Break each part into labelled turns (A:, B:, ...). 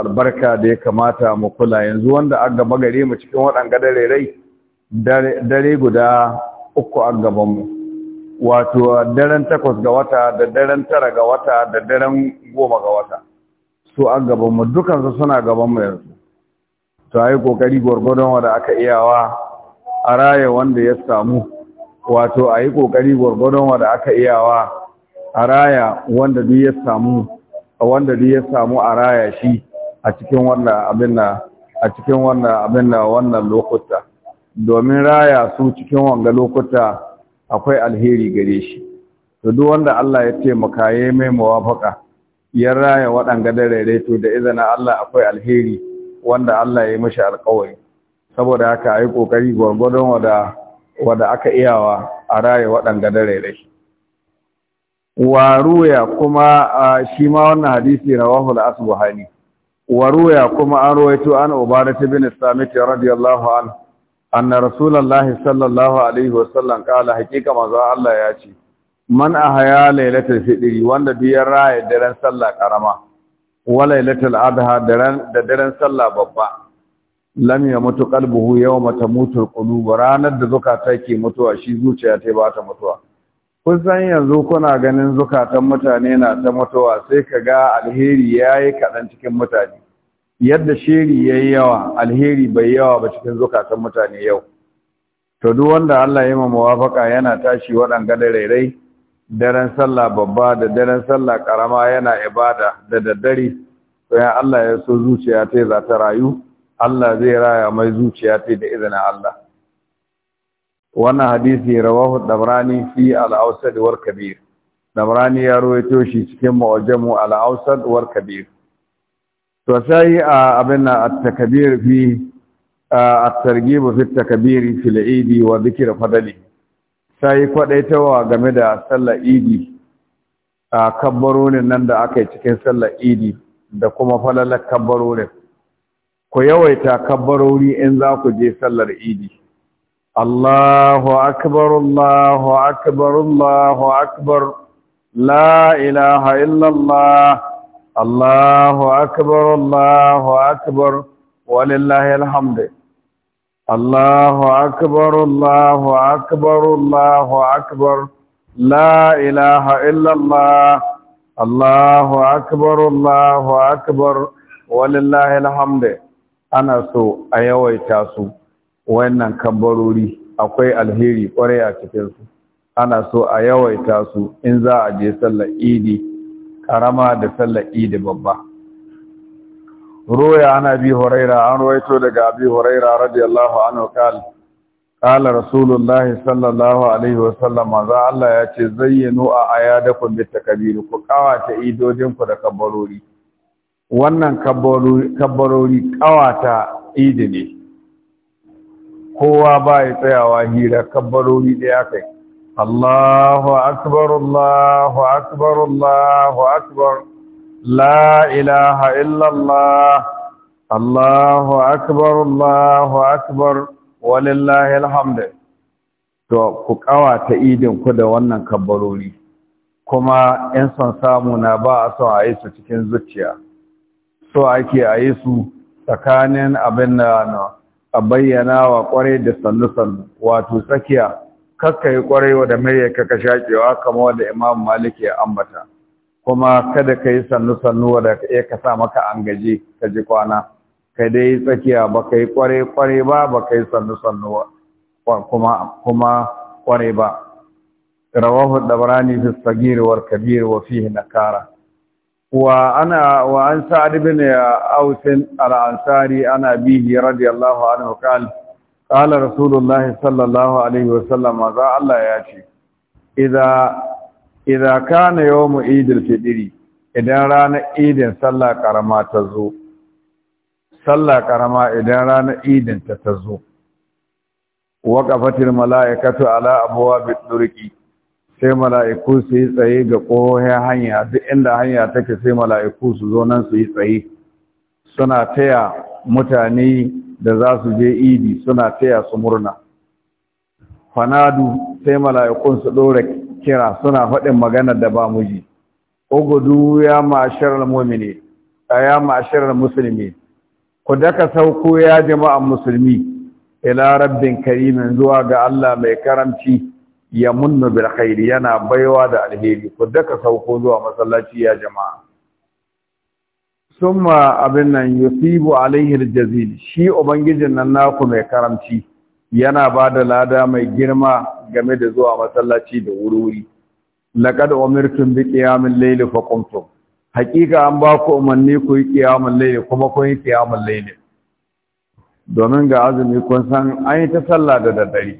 A: albarka da ya kamata mu kula yanzu wanda an gaba gare mu cikin waɗanga dare rai dare guda uku a mu. wato daren takwas ga wata da daren tara ga wata da daren goma ga wata su an mu. dukansu suna gaban mu yanzu to a yi ƙoƙari gwargwadon wanda aka iyawa a raya wanda ya samu wato a yi ƙoƙari gwargwadon wanda aka iyawa a raya wanda duk ya samu wanda duk ya samu a raya shi a cikin wannan abin na wannan lokuta domin raya su cikin wanga lokuta akwai alheri gare shi to duk wanda Allah ya taimaka ya mai muwafaka ya raya waɗanga da to da izinin Allah akwai alheri wanda Allah ya yi mashi alƙawari saboda haka ayi kokari gwargwadon wada wada aka iyawa a raya waɗanga da rairai wa kuma shi ma wannan hadisi al asbuhani waruya kuma an ruwaito an ubarata bin samit radiyallahu an anna rasulullahi sallallahu alaihi wasallam kala hakika manzo Allah ya ce man ahaya lailatul fitri wanda biyar raya daren sallah karama wa lailatul adha daren da daren sallah babba lam yamutu qalbuhu yawma tamutu qulub ranar da zukata ke mutuwa shi zuciya ta ba ta mutuwa kun san yanzu kuna ganin zukatan mutane na ta mutuwa sai ka ga alheri yayi kaɗan cikin mutane yadda shiri yayi yawa alheri bai yawa ba cikin zukatan mutane yau to duk wanda Allah ya mamu wafaka yana tashi waɗanga da rairai daren sallah babba da daren sallah karama yana ibada da daddare to ya Allah ya so zuciya ta za ta rayu Allah zai raya mai zuciya ta da izinin Allah wannan hadisi rawahu dabrani fi al-awsad war kabir dabrani ya rawaito shi cikin mu'jamu al-awsad war kabir to sai a abin na takabir takbir fi at-targhib fi takabir fi fil wa zikir fadali sai kwadaitawa game da sallar idi a kabbaronin nan da aka cikin sallar idi da kuma falalar kabbaronin ku yawaita kabbarori in za ku je sallar idi Allahu akbar Allahu akbar Allahu akbar la ilaha illallah الله أكبر الله أكبر ولله الحمد الله أكبر الله أكبر الله أكبر لا إله إلا الله الله أكبر الله أكبر ولله الحمد أنا سو أيوي تاسو وإن كبروري أقوي الهيري قرية كتنسو أنا سو أيوي تاسو إن ذا أجي صلى إيدي karama da sallar idi babba roya ana bi huraira an roito daga abi huraira radiyallahu anhu kal kala rasulullah sallallahu alaihi wasallam za Allah ya ce zayyinu a kun bi takbiru ku kawata idojin ku da kabbarori wannan kabbarori kabbarori kawata idi ne kowa ba tsayawa hira kabbarori da yake الله أكبر الله أكبر الله أكبر لا إله إلا الله الله أكبر الله أكبر ولله الحمد to ku ta idin ku da wannan kabbarori kuma in son samu na ba a so a yi su cikin zuciya so ake a yi su tsakanin abin da na bayyana wa kwarai da sannu-sannu wato tsakiya kakka yi wa da murya ka shaƙewa kama kamar wanda Imam Malik ya ambata kuma kada ka yi sannu sannu wanda ya ka sa maka an gaji ka ji kwana ka dai tsakiya ba ka yi ƙwarai ba ba ka yi sannu sannu kuma kuma ba rawahu dabrani fi sagir kabir wa fihi nakara wa ana wa an sa'ad ibn aus al-ansari ana bihi radiyallahu anhu qala قال رسول الله صلى الله عليه وسلم ذا الله ya ce idza idza kana yawm eid al idan ranar idin sallah karama ta zo sallah karama idan ranar idin ta ta zo waqafatil malaikatu ala abwabi turqi sai mala'iku su yi tsaye ga kohohin hanya duk inda hanya take sai mala'iku su zo nan su yi tsaye suna taya mutane da za su je idi suna taya su murna fanadu sai mala'ikun su ɗora kira suna faɗin magana da ba muji ugudu ya ma'asharar mu'mini ya musulmi ku daka sauko ya jama'an musulmi ila rabbin karimin zuwa ga Allah mai karamci ya munnu bil yana baiwa da alheri ku daka sauko zuwa masallaci ya jama'a summa abin nan yusibu alaihi aljazil shi ubangijin nan naku mai karamci yana ba da lada mai girma game da zuwa masallaci da wuri-wuri laqad umirtum bi qiyamil layli fa qumtum haƙiƙa an ba ku umarni ku yi qiyamul layli kuma ku yi qiyamul layli domin ga azumi kun san an yi ta sallah da daddare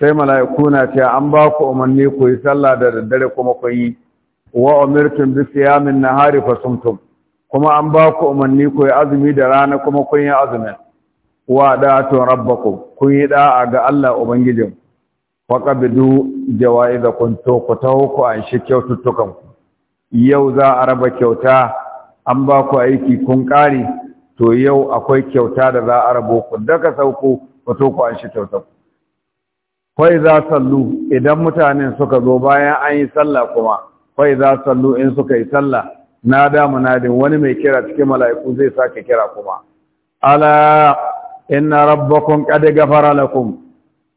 A: sai mala'iku na ce an ba ku umarni ku yi sallah da daddare kuma ku yi wa umirtum bi qiyamin nahari fa sumtum kuma an ba ku umarni ku yi azumi da rana kuma kun yi azumin wa da'atun rabbaku kun yi da'a ga Allah ubangijin wa qabidu jawaizakum to ku ta ku an shi kyaututtukan yau za a raba kyauta an ba ku aiki kun kare to yau akwai kyauta da za a rabo ku daga sauko ku to ku an shi kyauta kai za sallu idan mutanen suka zo bayan an yi sallah kuma kai za sallu in suka yi sallah na da munadin wani mai kira cikin mala'iku zai sake kira kuma ala inna rabbakum qad ghafara lakum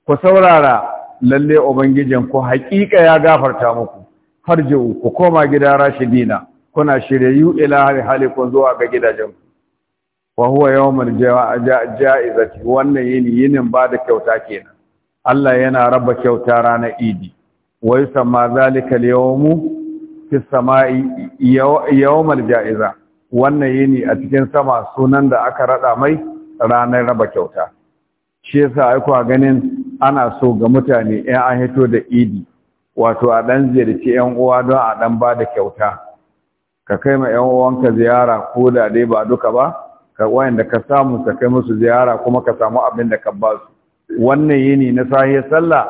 A: ku saurara lalle ubangijin ku haƙiƙa ya gafarta muku farjiu ku koma gida rashidina kuna shiryu ila halikun zuwa ga gidajen ku wa huwa yawmul ja'izati wannan yini yinin ba da kyauta kenan Allah yana raba kyauta ranar idi wa yusamma zalika al-yawmu fi sama'i yawmal ja'iza wannan yini a cikin sama sunan da aka rada mai ranar raba kyauta shi yasa ai ganin ana so ga mutane ɗan an hito da idi wato a ɗan ziyarci ƴan uwa don a dan ba da kyauta ka kai ma ƴan uwanka ziyara ko da dai ba duka ba ka wayanda ka samu ka kai musu ziyara kuma ka samu abin da ka ba su wannan yini na sahiyar sallah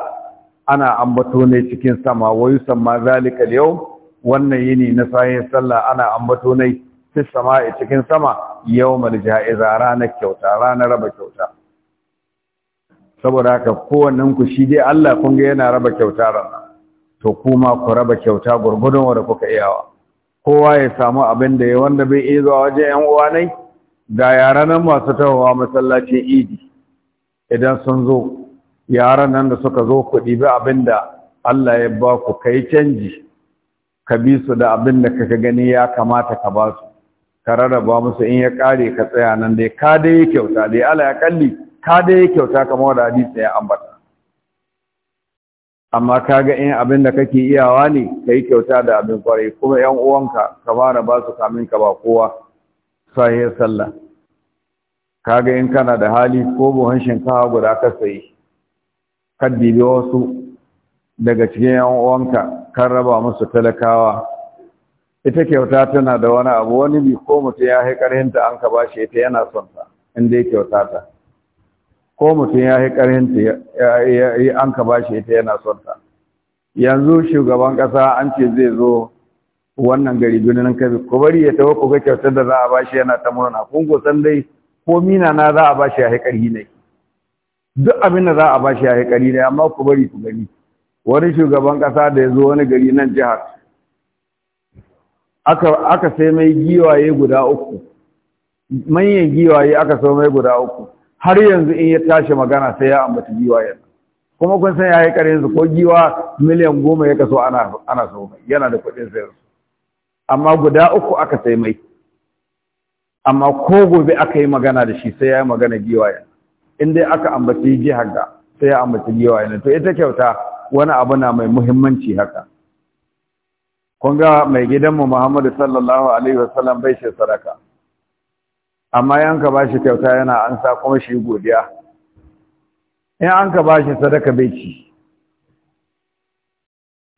A: ana ambato ne cikin sama wayu maza zalika yau wannan yini na sayin sallah ana ambato nai fi sama'i cikin sama yawmal ja'iza ranar kyauta ranar raba kyauta saboda haka kowannen ku shi dai Allah kun ga yana raba kyauta ranar to kuma ku raba kyauta gurgudun wanda kuka iyawa kowa ya samu abin da ya wanda bai iya zuwa wajen yan uwa nai ga yara nan masu tahowa masallacin idi idan sun zo yaran nan da suka zo ku ɗibi abin da Allah ya ba ku kai canji ka bi su da abin da kaka gani ya kamata ka ba su ka rarraba musu in ya kare ka tsaya nan dai ka dai kyauta dai ala ya kalli ka dai kyauta kamar da hadisi ya ambata amma kaga in abin da kake iyawa ne ka yi kyauta da abin kwarai kuma yan uwanka ka fara ba su kamin ka ba kowa sahiyar sallah kaga in kana da hali ko buhun shinkafa guda ka sayi kaddibi wasu daga cikin yan uwanka kan raba musu talakawa ita kyauta tana da wani abu wani bi ko mutum ya yi hinta an ka bashi ita yana son ta inda ya kyauta ta ko mutum ya yi ƙarhinta an ka bashi ita yana son ta yanzu shugaban ƙasa an ce zai zo wannan gari birnin kabi ko bari ya tawo ko ga kyautar da za a bashi yana ta murna kun ko san dai ko mina na za a bashi ya yi ne duk abin da za a bashi ya yi ne amma ku bari ku gani wani shugaban ƙasa da ya zo wani gari nan jihar aka sai mai giwaye guda uku manyan giwaye aka sai mai guda uku har yanzu in ya tashi magana sai ya ambaci giwayen kuma kun san yayi karin su ko giwa miliyan goma ya kaso ana so yana da kuɗin sayar amma guda uku aka sai mai amma ko gobe aka yi magana da shi sai ya yi magana giwayen in dai aka ambaci jihar da sai ya ambaci giwayen to ita kyauta wani abu na mai muhimmanci haka kun ga mai gidanmu Muhammadu sallallahu alaihi wasallam bai shi sadaka amma yanka ba shi kyauta yana ansa kuma shi godiya in an ka ba shi sadaka bai ci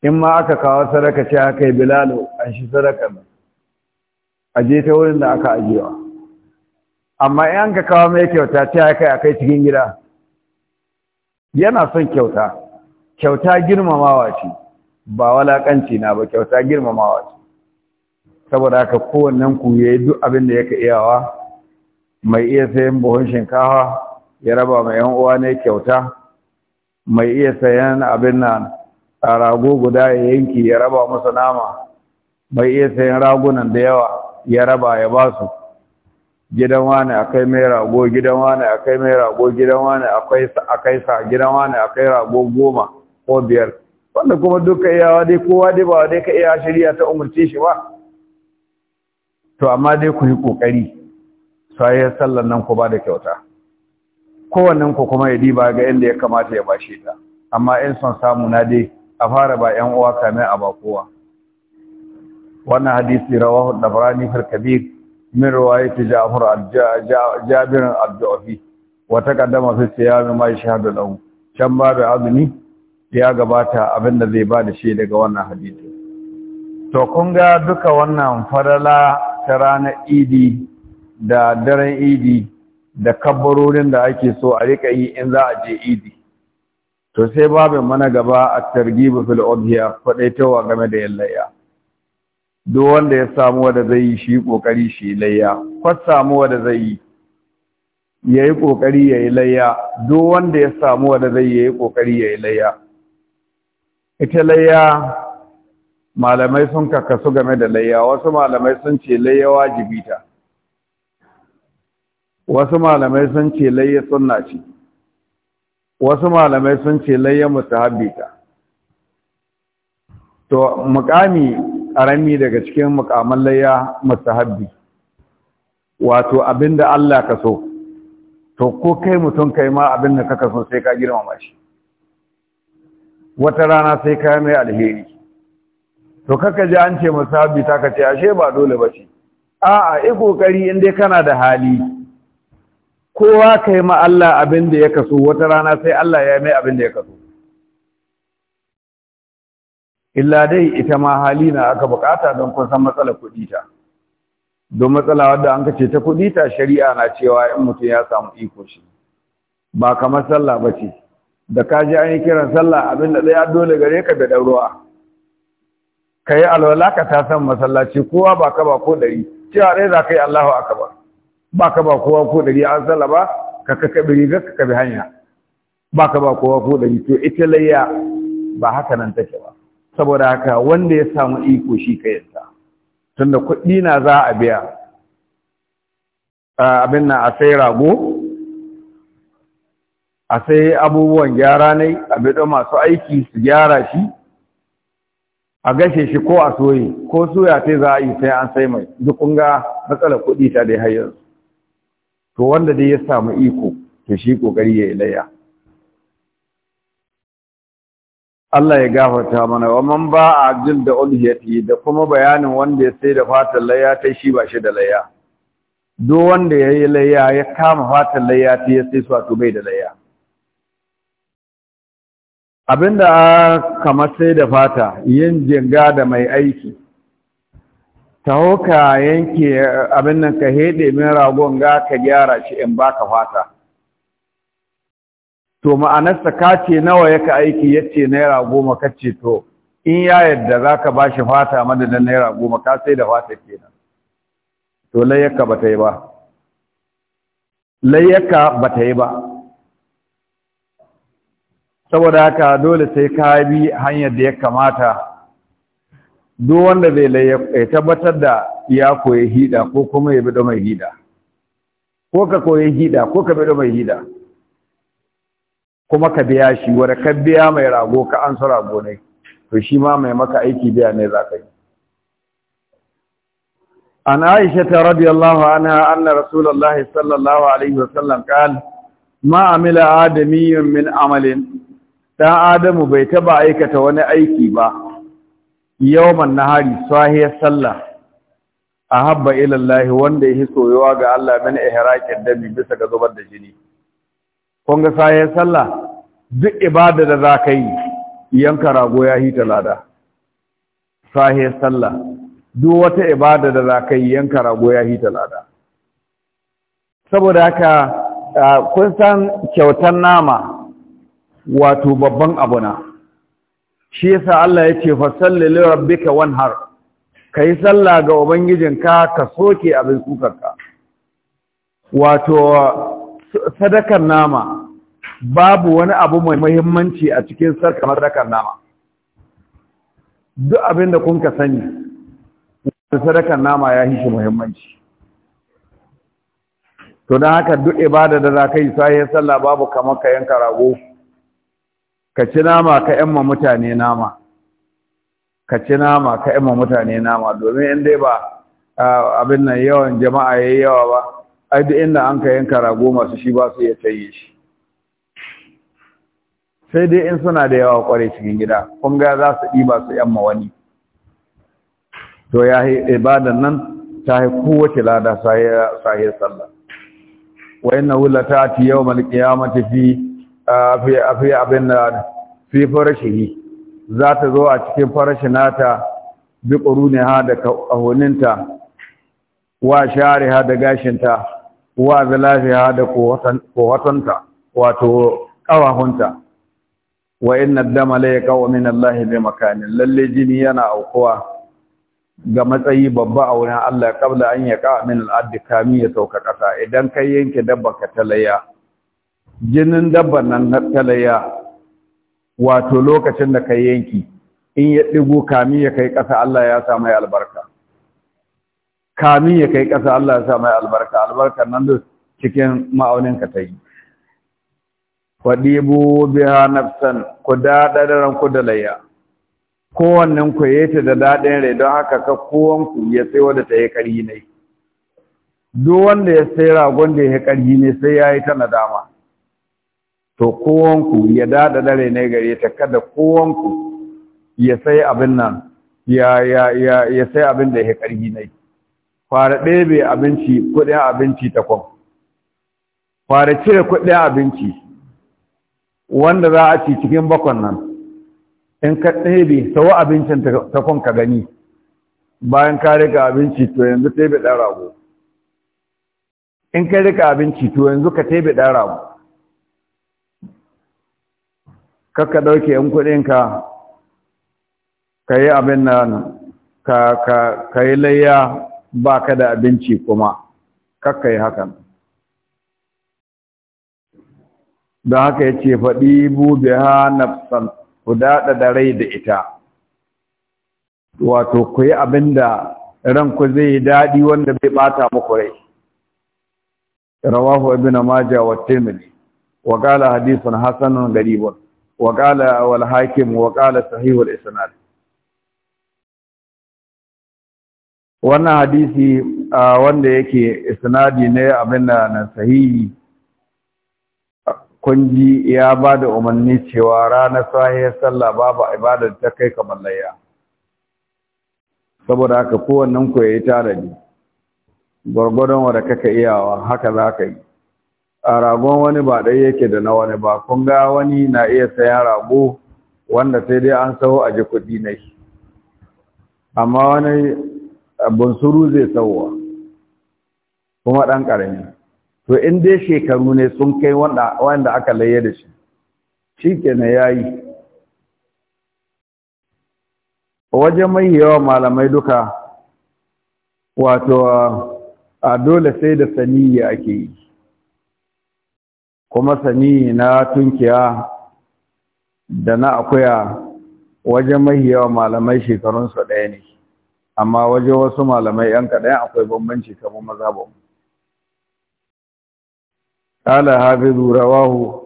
A: in ma aka kawo sadaka ce aka yi bilalo an shi sadaka aje ta wurin da aka ajiyewa amma in an ka kawo mai kyauta ce aka yi a kai cikin gida yana son kyauta kyauta girmamawa ce ba walakanci na ba kyauta girmamawa ce saboda haka kowannen ku ya yi duk abin da ya ka iyawa mai iya sayan buhun shinkafa ya raba mai yan uwa ne kyauta mai iya sayan abin nan a rago guda ya yanki ya raba masa nama mai iya sayan ragunan da yawa ya raba ya ba su gidan wani akai mai rago gidan wani akai mai rago gidan wani akai sa gidan wani akai rago goma ko biyar wanda kuma duka iyawa dai kowa dai ba dai ka iya shari'a ta umurce shi ba to amma dai ku yi kokari sai sallan nan ku ba da kyauta kowannen ku kuma ya diba ga inda ya kamata ya bashe ta amma in son samu na dai a fara ba yan uwa kamin a ba kowa wannan hadisi rawahu dabrani fil kabir min riwayat ja'far al-jabir al-du'afi wa taqaddama fi siyam ma yashhadu lahu ba babu azumi ya gabata abinda zai ba da shi daga wannan hadisi to kun ga duka wannan farala ta ranar idi da daren idi da kabbarorin da ake so a rika yi in za a je idi to sai babin mana gaba a targibu fil udhiya fadaitawa game da yin layya. duk wanda ya samu wanda zai yi shi ƙoƙari shi layya kwat samu wanda zai yi ya yi ƙoƙari ya yi layya duk wanda ya samu wanda zai yi ƙoƙari ya yi layya ita layya malamai sun kakasu game da layya wasu malamai sun ce layya wajibi ta wasu malamai sun ce layya sunna ce wasu malamai sun ce layya mustahabbi ta to mukami karami daga cikin mukaman layya mustahabbi wato abinda Allah ka so to ko kai mutum kai ma abinda kaka so sai ka girmama shi wata rana sai ka mai alheri to kaka ji an ce musabi ta ka ce ashe ba dole ba ce a'a yi kokari in dai kana da hali kowa ka yi ma Allah abin da ya kaso wata rana sai Allah ya yi mai abin da ya kaso illa dai ita ma hali na aka bukata don kun san matsalar kuɗi ta don matsala wadda an kace ta kuɗi ta shari'a na cewa in mutum ya samu iko shi ba kamar sallah ba ce da ka ji an yi kiran sallah abin da ya dole gare ka da ɗauruwa ka yi alwala ka ta san masallaci kowa ba ka ba ko ɗari cewa ɗaya za ka yi allahu aka ba ka ba kowa ko ɗari an sallah ba ka ka kaɓi rigar ka kaɓi hanya ba ka ba kowa ko ɗari to ita layya ba haka nan take ba saboda haka wanda ya samu iko shi ka yasa tunda kuɗi na za a biya abin na a sai rago a sai abubuwan gyara ne a bido masu aiki su gyara shi a gashe shi ko a soye ko soya ta za a yi sai an sai mai duk ga matsalar kuɗi ta dai har yanzu to wanda dai ya samu iko to shi kokari ya ilayya Allah ya gafarta mana wa man ba a jil da ulhiyati da kuma bayanin wanda ya sai da fatan layya ta shi ba shi da layya duk wanda ya yi layya ya kama fatan layya ta ya sai su bai da layya abinda a kamar sai da fata yin jinga da mai aiki taho ka yanke abin nan ka heɗe min ragon ga ka gyara shi in baka fata to ma'anarsa ka ce nawa yaka aiki ya ce naira goma ka ce to in ya yadda ba bashi fata madadin naira goma ka sai da fata kenan to layyaka ta yi ba layyaka ta yi ba saboda haka dole sai ka bi hanyar da ya kamata duk wanda zai laye ya tabbatar da ya koyi hida ko kuma ya bido mai hida ko ka koyi hida ko ka bido mai hida kuma ka biya shi wanda ka biya mai rago ka an rago ne to shi ma mai maka aiki biya ne za ka yi an aisha ta radiyallahu ana anna rasulallah sallallahu alaihi wasallam qala ma amila adamiyyun min amalin dan adamu bai taba aikata wani aiki ba yawman nahari sahiyar sallah ahabba ila Allah wanda yake soyuwa ga Allah min ihraqin dami bisa ga zubar da jini kun ga sahiyar sallah duk ibada da za ka yi yanka rago ya hita lada sahiyar sallah duk wata ibada da za ka yi yanka rago ya hita lada saboda haka kun san kyautan nama wato babban abu na shi yasa Allah ya ce fasalli li rabbika wanhar kai sallah ga ubangijinka ka soke abin kukarka wato sadakar nama babu wani abu mai muhimmanci a cikin sarka sadakar nama duk abin da kun ka sani sadakar nama ya yi shi muhimmanci to don haka duk ibada da za ka yi sahihin sallah babu kamar ka yanka rago ka ci nama ka yamma mutane nama ka ci nama ka yamma mutane nama domin in dai ba abin nan yawan jama'a yayi yawa ba ai duk inda an ka yanka rago masu shi ba su iya tayi shi sai dai in suna da yawa kware cikin gida kun ga za su ɗiba su yamma wani to ya yi ibadan nan ta yi kowace lada sahiyar sallah wa na hulata ta yau qiyamati fi fi abin da fi za ta zo a cikin farashi nata bi ha da ƙahoninta wa ha da gashinta wa ha da kohatonta wato ƙawahunta wa na dama ya kawo min Allah bi makanin lalle jini yana aukuwa ga matsayi babba a wurin Allah ƙabla an yi min al kamin kami ya sauka ƙasa idan kai yanke dabba ka talaya jinin dabban nan na talaya wato lokacin da kai yanki in ya ɗigo kamin ya kai ƙasa Allah ya sa mai albarka Kami ya kai ƙasa Allah ya sa mai albarka albarka nan da cikin ma'aunin ka ta yi faɗibu biha nafsan ku da ku da layya kowannen ku ya ta da daɗin rai don haka ka kowanku ya sai da ta yi ƙarhi ne duk wanda ya sai ragon da ya ƙarhi ne sai ya yi ta nadama to kowanku ya dada dare ne gare ta kada kowanku ya sai abin nan ya ya ya ya sai abin da ya karbi ne fara ɗebe abinci kuɗin abinci ta kwan. fara cire kuɗin abinci wanda za a ci cikin bakon nan in ka ɗebe sawa abincin ta kwan ka gani bayan ka rika abinci to yanzu ɗebe ɗan rago in ka rika abinci to yanzu ka ɗebe ɗan rago kakka ɗauke yan kuɗinka ka yi abin nan ka yi layya ba ka da abinci kuma kakka yi hakan don haka ya ce faɗi bube ha nafsan ku da rai da ita wato ku yi abin da ranku zai yi daɗi wanda bai ɓata muku rai rawahu ibn majah wa tirmidhi wa qala hadithun hasanun garibun wa qala wal hakim wa isnad wannan hadisi wanda yake isnadi ne abin da na sahihi kunji ya ba da umarni cewa ranar sahihar sallah babu ibadar ta kai kamar layya saboda haka kowannen ku ya yi tanadi gwargwadon wadda kaka iyawa haka za ka yi a ragon wani ba ɗaya yake da na wani ba kun ga wani na iya sayan rago wanda sai dai an sawo a ji kuɗi na shi amma wani bunsuru zai sawowa kuma ɗan ƙarami to in dai shekaru ne sun kai wanda aka laye da shi shi na ya yi wajen mai yawa malamai duka wato a dole sai da saniya ake yi kuma sani na tunkiya da na akuya wajen mahiyawa malamai shekarunsa ɗaya ne amma wajen wasu malamai yan kaɗai akwai bambanci kamar mazhabin ala hafizu rawahu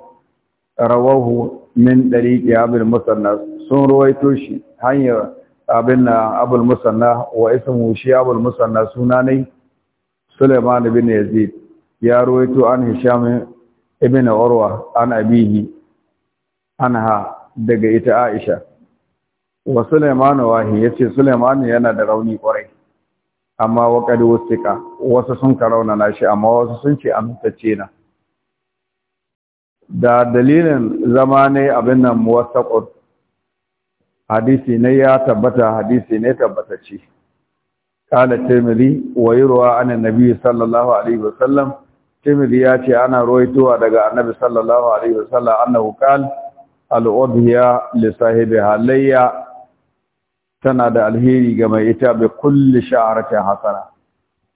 A: rawahu min ke abin musanna sun ruwaito shi hanyar abin na abin musanna wa ismu shi abin musanna ne Suleiman bin Yazid ya ruwaito an Hisham ibn urwa an abihi anha daga ita aisha wa sulaiman wahi yace sulaiman yana da rauni kwarai amma wa qad wasu sun karauna nashi amma wasu sun ce na da dalilin zama ne abin nan muwassaqut hadisi ne ya tabbata hadisi ne tabbatacce قال الترمذي ويروى عن النبي صلى الله عليه وسلم tirmidhi ya ce ana ruwaitowa daga annabi sallallahu alaihi wasallam annahu qala al-udhiya li sahibi halayya tana da alheri ga mai ita bi kulli sha'ratin hasana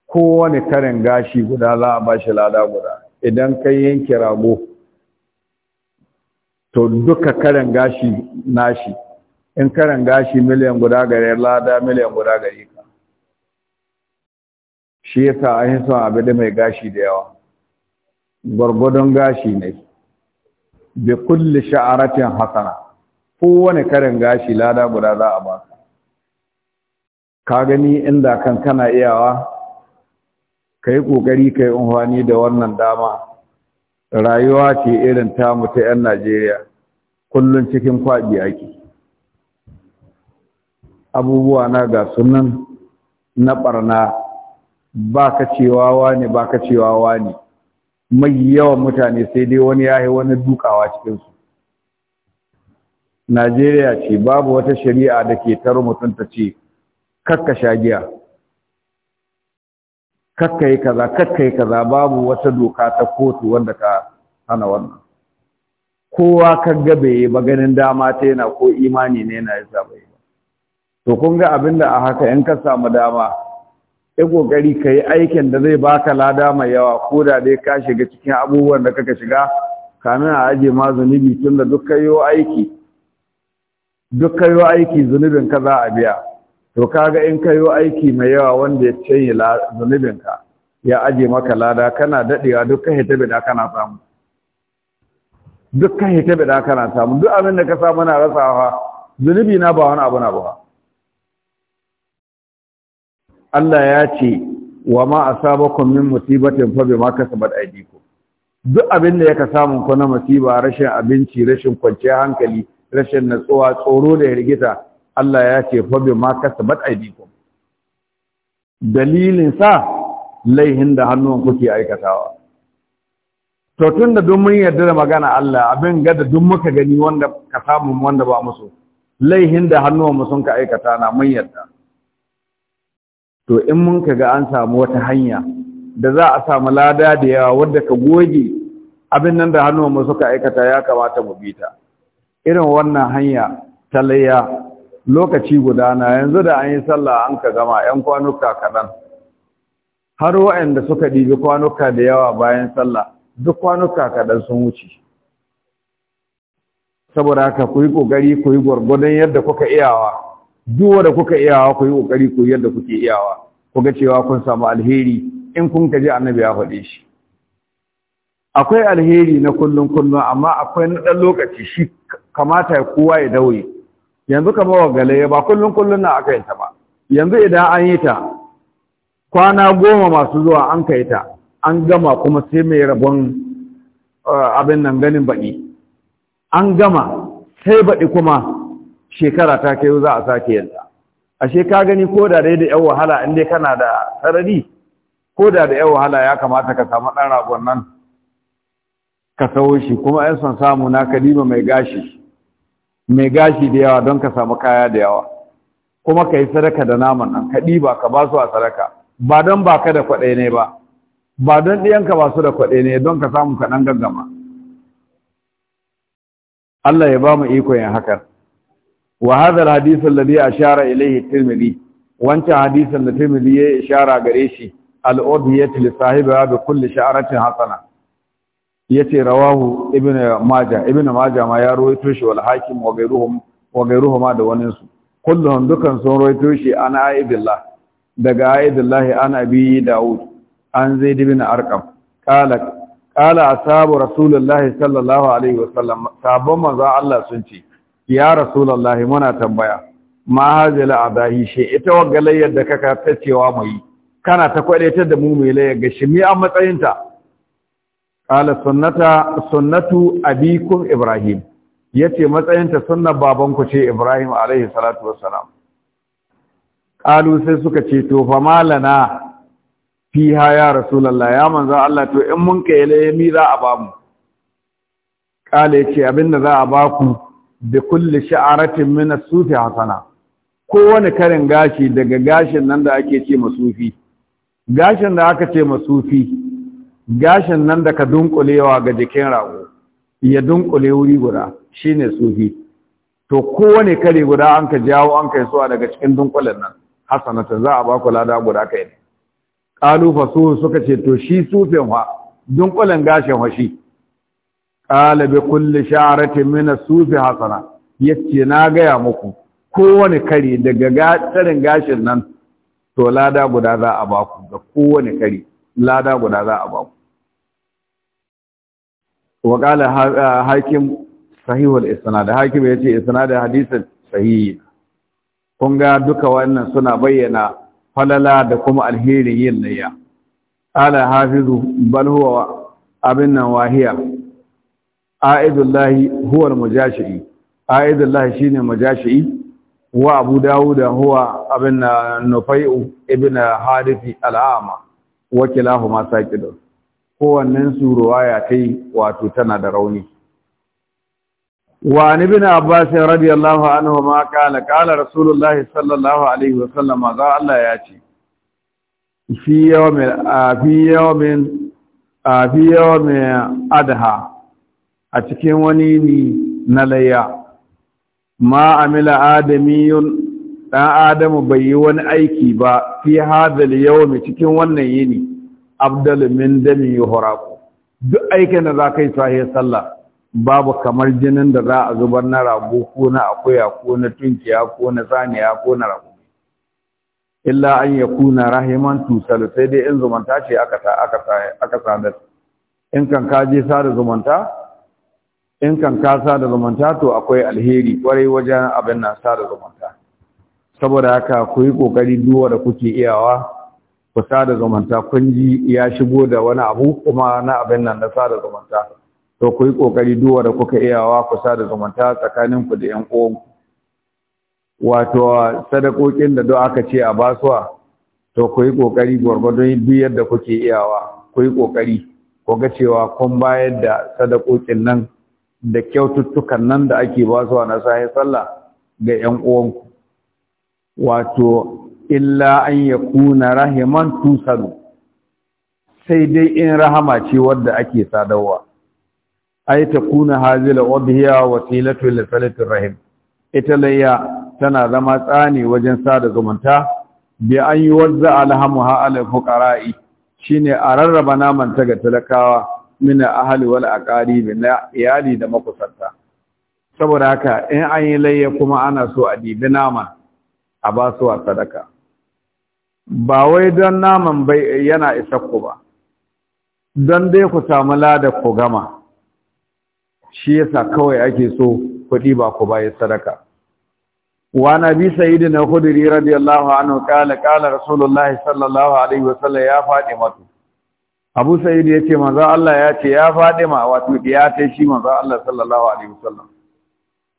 A: kowane karin gashi guda za a bashi lada guda idan kai yanke rago to duka karin gashi nashi in karin gashi miliyan guda gare lada miliyan guda gare ka shi yasa an yi son abin da mai gashi da yawa gwargwadon gashi ne bi kulli sha'aratin hasana kowane karin gashi lada guda za a baka ka gani inda kan kana iyawa ka yi ƙoƙari ka yi unhwani da wannan dama rayuwa ce irin tamu ta 'yan najeriya kullum cikin kwaɗi ake abubuwa na ga sunan na ɓarna ba ka cewa wani ba ka cewa wani mai yawan mutane sai dai wani ya yi wani dukawa cikinsu najeriya ce babu wata shari'a da ke taro mutum ta ce kakka sha giya kakka yi kaza kakka yi kaza babu wata doka ta kotu wanda ka hana wannan kowa kan gabe yi maganin dama ta yana ko imani ne yana yasa bai ba to kun ga abinda a haka in ka samu dama ya ƙoƙari ka yi aikin da zai baka lada mai yawa ko da dai ka shiga cikin abubuwan da kaka shiga kamin a aje ma zunubi tun da duk kayo aiki aiki zunubin ka za a biya to kaga in kayo aiki mai yawa wanda ya canye zunubin ka ya aje maka lada kana dadewa duk ka hita bida kana samu duk ka hita bida kana samu duk abin da ka samu na rasawa zunubi na ba wani abu na ba Allah ya ce wa ma asabakum min musibatin fa bima kasabat aydikum duk abin da yake samun ku na musiba rashin abinci rashin kwanciya hankali rashin natsuwa tsoro da rigita Allah ya ce fa bima kasabat aydikum dalilin sa laihin da hannuwan kuke aikatawa to tun da duk mun yarda da magana Allah abin ga da duk muka gani wanda ka samu wanda ba musu laihin da hannuwan mu sun ka aikata na mun yarda to in mun ka ga an samu wata hanya da za a samu lada da yawa wadda ka goge abin nan da hannuwanmu suka aikata ya kamata mu bi ta irin wannan hanya ta layya lokaci guda na yanzu da an yi sallah an ka gama 'yan kwanuka kaɗan har waɗanda suka ɗibi kwanuka da yawa bayan sallah duk kwanuka kaɗan sun wuce saboda haka ku yi ƙoƙari ku yi gwargwadon yadda kuka iyawa duk wanda kuka iyawa ku yi ƙoƙari ku yadda kuke iyawa ku ga cewa kun samu alheri in kun ka ji annabi ya faɗe shi akwai alheri na kullun kullun amma akwai na ɗan lokaci shi kamata kowa ya dauye yanzu kamar wagale ba kullun kullun na aka yi ta ba yanzu idan an yi ta kwana goma masu zuwa an kai ta an gama kuma sai mai rabon eh, abin nan ganin baɗi an gama sai baɗi kuma shekara ta kai za a sake yanta ashe ka gani ko da dai da yan wahala in kana da sarari ko da da yan wahala ya kamata ka samu ɗan ragon nan ka sawo shi kuma yan son samu na kadima mai gashi mai gashi da yawa don ka samu kaya da yawa kuma ka yi sadaka da naman nan ka ɗiba ka ba su a sadaka ba don ba ka da kwaɗai ne ba ba don ɗiyanka ba su da kwaɗai ne don ka samu kaɗan gaggama Allah ya ba mu iko yin hakan wa hadha alhadith ya ashara ilayhi tirmidhi wanta hadisin da tirmidhi ya shara gare shi al-udhiyat li sahibiha bi kulli sha'ratin hasana yace rawahu ibnu majah ibnu majah ma ya rawaito shi wal hakim wa gairuhum wa gairuhuma da wani su kulluhum dukan sun rawaito shi ana aidillah daga aidillah ana abi daud an zaid ibn arqam qala qala ashabu rasulullah sallallahu alaihi wasallam sabon manzo Allah sun ce ya rasulullahi muna tambaya ma hazila abahi shi ita wagga da kaka ta cewa mai. kana ta kwadatar da mu mai ga shi mi an matsayinta qala sunnata sunnatu abikum ibrahim yace matsayinta sunnar babanku ce ibrahim alaihi salatu wassalam qalu sai suka ce to fa malana fiha ya rasulullah ya manzo Allah to in mun kai layyar mi za a ba mu qala yace abinda za a ba ku bi kulli sha'aratin min as-sufi hasana wani karin gashi daga gashin nan da ake ce masufi gashin da aka ce masufi gashin nan da ka dunkulewa ga jikin rago ya dunkule wuri guda shine sufi to ko wani kare guda an ka jawo an kai suwa daga cikin dunkulen nan hasanata za a ba ku lada guda kai ne qalu fasuhu suka ce to shi sufin fa dunkulen gashin fa shi qala bi kulli sha'rati min as-sufi hasana yace na gaya muku kowane kare daga gatsarin gashin nan to lada guda za a ba ku ga kowane kare lada guda za a ba ku wa qala hakim sahihul isnad hakim yace isnad hadisin sahihi kun ga duka wannan suna bayyana falala da kuma alheri yin niyya ala hafizu bal huwa abin nan wahiya a'idullahi huwa al-majashi'i a'idullahi shine majashi'i wa abu dawud huwa ibn nufai'u ibn hadithi al-ama wa kilahuma saqid kowannen su riwaya kai wato tana da rauni wa ibn abbas radiyallahu anhu ma kana kana rasulullahi sallallahu alaihi wa sallam za Allah ya ce fi yawmin fi yawmin fi yawmin adha a cikin wani ni na layya ma amila adamiyun dan adamu bai yi wani aiki ba fi hadal yawmi cikin wannan yini abdal min dami yuhraqu duk aikin da zaka yi sallah babu kamar jinin da za a zubar na rago ko na akuya ko na tunkiya ko na saniya ko na rago illa an yakuna rahiman tusal sai dai in zumunta ce aka aka aka sadar in kan kaje sada zumunta in kan ka sa da zumunta to akwai alheri kwarai wajen abin na sa da zumunta saboda haka ku yi kokari duwa da kuke iyawa ku sa da zumunta kun ji ya shigo da wani abu kuma na abin nan na sa da zumunta to ku yi kokari duwa da kuka iyawa ku sa da zumunta tsakanin ku da yan uwan wato sadakokin da duk aka ce a basuwa to ku yi kokari gwargwadon duk yadda kuke iyawa ku yi kokari ku ga cewa kun bayar da sadakokin nan da kyaututtukan nan da ake ba su na sahi sallah ga 'yan uwanku wato illa an kuna rahiman tusalu sai dai in rahama ce wadda ake sadarwa ai ta kuna hazila wa wasilatu lil rahim ita layya tana zama tsani wajen sada zumunta bi an yi wadda alhamuha ala Shi shine a rarraba namanta ga talakawa min ahli wal aqarib na iyali da makusanta saboda haka in an yi layya kuma ana so a dibi nama a ba su a sadaka ba wai don naman bai yana isa ku ba don dai ku samu lada ku gama shi yasa kawai ake so kuɗi ba ku bayi sadaka Wa ابي سعيد الخدري رضي الله عنه قال قال Sallallahu alaihi صلى الله عليه وسلم abu sa'id ya ce manzo Allah ya ce ya fadima wato ya ta shi manzo Allah sallallahu alaihi wasallam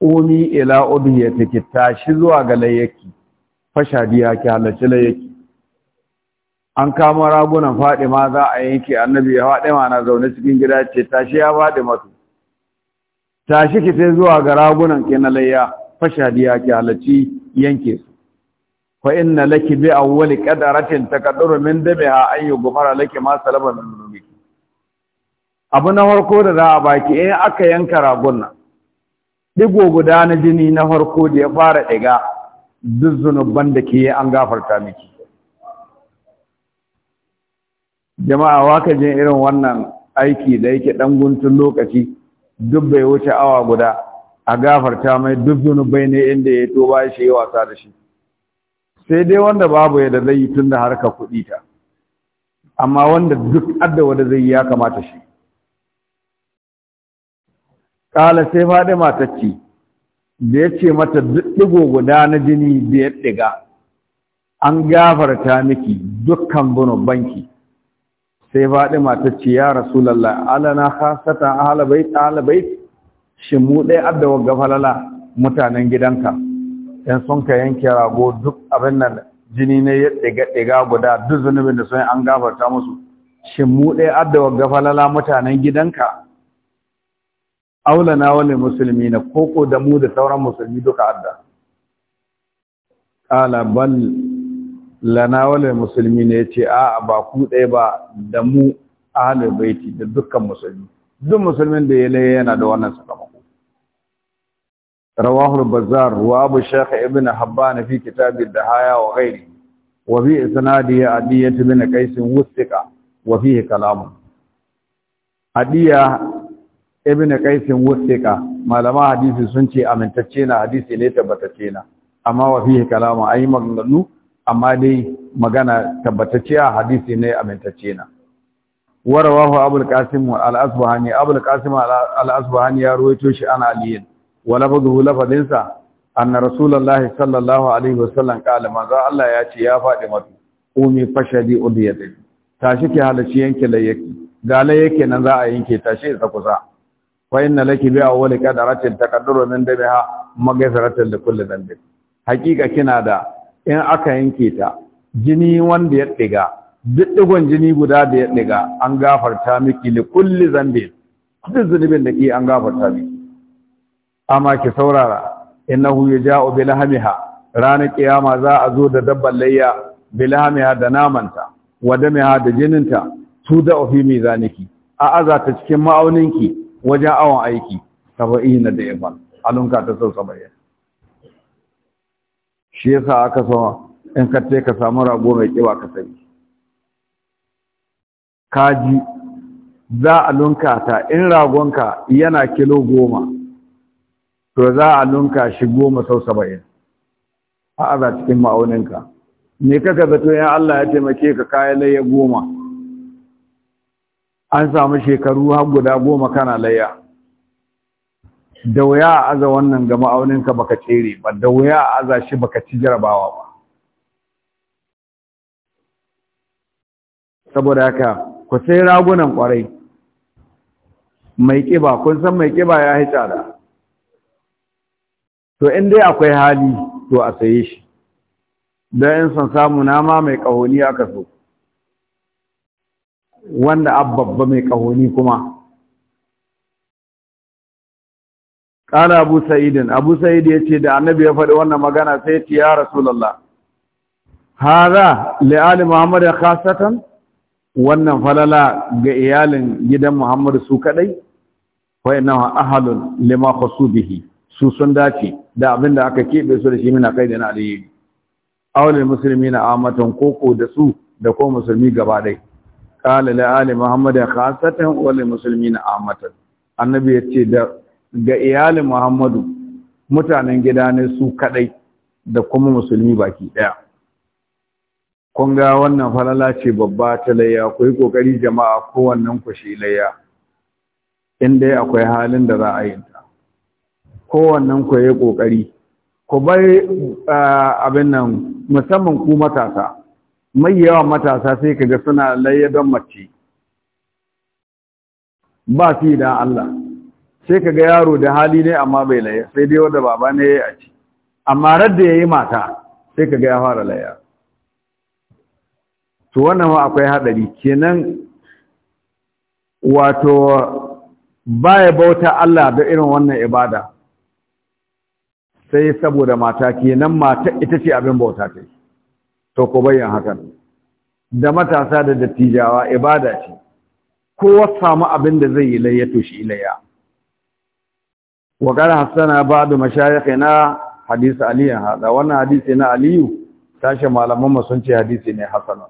A: umi ila udhiyatiki tashi zuwa ga layyaki fasha biya ki halarci layyaki an kama ragunan fadima za a yanke annabi ya fadima na zaune cikin gida ce tashi ya fadima to tashi ki sai zuwa ga ragunan ki na layya fasha biya ki halarci yanke su fa inna laki bi awwali qadaratin takaduru min dabiha an yughfara laki ma salama min dhunubiki abu na farko da za a baki in eh, aka yanka ragon nan digo guda na jini na farko da ya fara diga duk zunuban da ke an gafarta miki jama'a waka jin irin wannan aiki da yake dan guntun lokaci duk bai wuce awa guda a gafarta mai duk zunubai ne inda ya toba shi wasa da shi sai dai wanda babu yadda zai yi tun da harkar kuɗi ta amma wanda duk adda wanda zai yi ya kamata shi ƙala sai faɗi matacci da ya ce mata ɗigo guda na jini da ya ɗiga an gafarta miki dukkan bunu banki sai Fadima ya rasu ya Rasulullah alana khasatan ahla bait ahla bait shi mu adda wa gafalala mutanen gidanka in sun ka yanke rago duk abin nan jini ne ya ɗiga-ɗiga guda duk zunubin da sun an gafarta musu shin mu ɗaya addawa gafalala mutanen gidanka aula na wani musulmi na koko da mu da sauran musulmi duka adda ƙala bal lana wani musulmi ne ya ce a ba ku ɗaya ba da mu ahalibaiti da dukkan musulmi duk musulmin da ya laye yana da wannan sakamako رواه البزار وابو الشيخ ابن حبان في كتاب الدهايا وغيره a اسناده عدية بن قيس وثق وفيه كلام عدية ابن قيس وثق ما لما حديث سنتي امنتacce hadisi ne tabbatacce na amma wa fihi kalamu ai maganganu amma dai magana tabbatacciya hadisi ne amintacce na warawahu abul qasim al asbahani abul qasim al asbahani ya ruwaito shi ana aliyin wa lafzuhu lafadinsa anna rasulallah sallallahu alaihi wasallam kala manzo Allah ya ce ya faɗi mata umi fashadi udiyati tashi ki halaci yanke layyaki ga layyake nan za a yanke tashi isa kusa fa inna laki bi awwali qadaratin taqadduru min dabiha magaysaratin da kulli dambi hakika kina da in aka yanke ta jini wanda ya diga duk jini guda da ya diga an gafarta miki li kulli zambi duk zunubin da ke an gafarta miki amma ki saurara innahu yaja'u bilahmiha ranar kiyama za a zo da dabban layya bilahmiha da namanta wa damiha da jininta tu da ofi zaniki a aza ta cikin ma'auninki wajen awon aiki saba'ina da yaban alunka ta sau saba'i shi yasa aka so in ka ka samu rago mai kiba ka sani kaji za a lunka ta in ragonka yana kilo goma to za a nunka shi goma sau saba'in a aza cikin ma'auninka me kaka zato yan Allah ya taimake ka kayan layya goma an samu shekaru har guda goma kana layya da wuya a aza wannan ga ma'auninka baka tsere ba da wuya a aza shi baka ci jarabawa ba saboda haka ku sai ragunan kwarai mai kiba kun san mai kiba ya da. to in dai akwai hali to a saye shi don in san samu nama mai ƙahoni aka so wanda ababba mai ƙahoni kuma ƙara abu sa'idin abu sa'id ya ce da annabi ya faɗi wannan magana sai ya ce ya rasulallah hara li'ali muhammad ya khasatan wannan falala ga iyalin gidan muhammad su kaɗai wa inna ahalun lima khasu bihi su sun dace da abin da aka keɓe su da shi mina kai da na alheri Aure musulmi na amatan koko da su da ko musulmi gaba dai qala la ali muhammad khasatan musulmi na amatan annabi ce da ga iyalin muhammadu mutanen gida ne su kadai da kuma musulmi baki ɗaya. kun ga wannan falala ce babba ta layya ku yi kokari jama'a kowannen ku shi layya in dai akwai halin da za a yi kowannen ku yi ƙoƙari ku bai abin nan musamman ku matasa mai yawan matasa sai ga suna don mace ba su da Allah sai kaga yaro da hali ne amma bai laye sai dai wanda baba ne ya ci amma radda yayi mata sai kaga ya fara laya to wannan akwai hadari kenan wato baya bauta Allah da irin wannan ibada sai saboda mata nan mata ita ce abin bauta ta to ko bayan hakan da matasa da dattijawa ibada ce kowa samu abin da zai yi to shi Hassana wa qala hasana ba'du mashayikhina hadisi ali hada wannan hadisi na aliyu tashi malaman mu sun ce hadisi ne hasana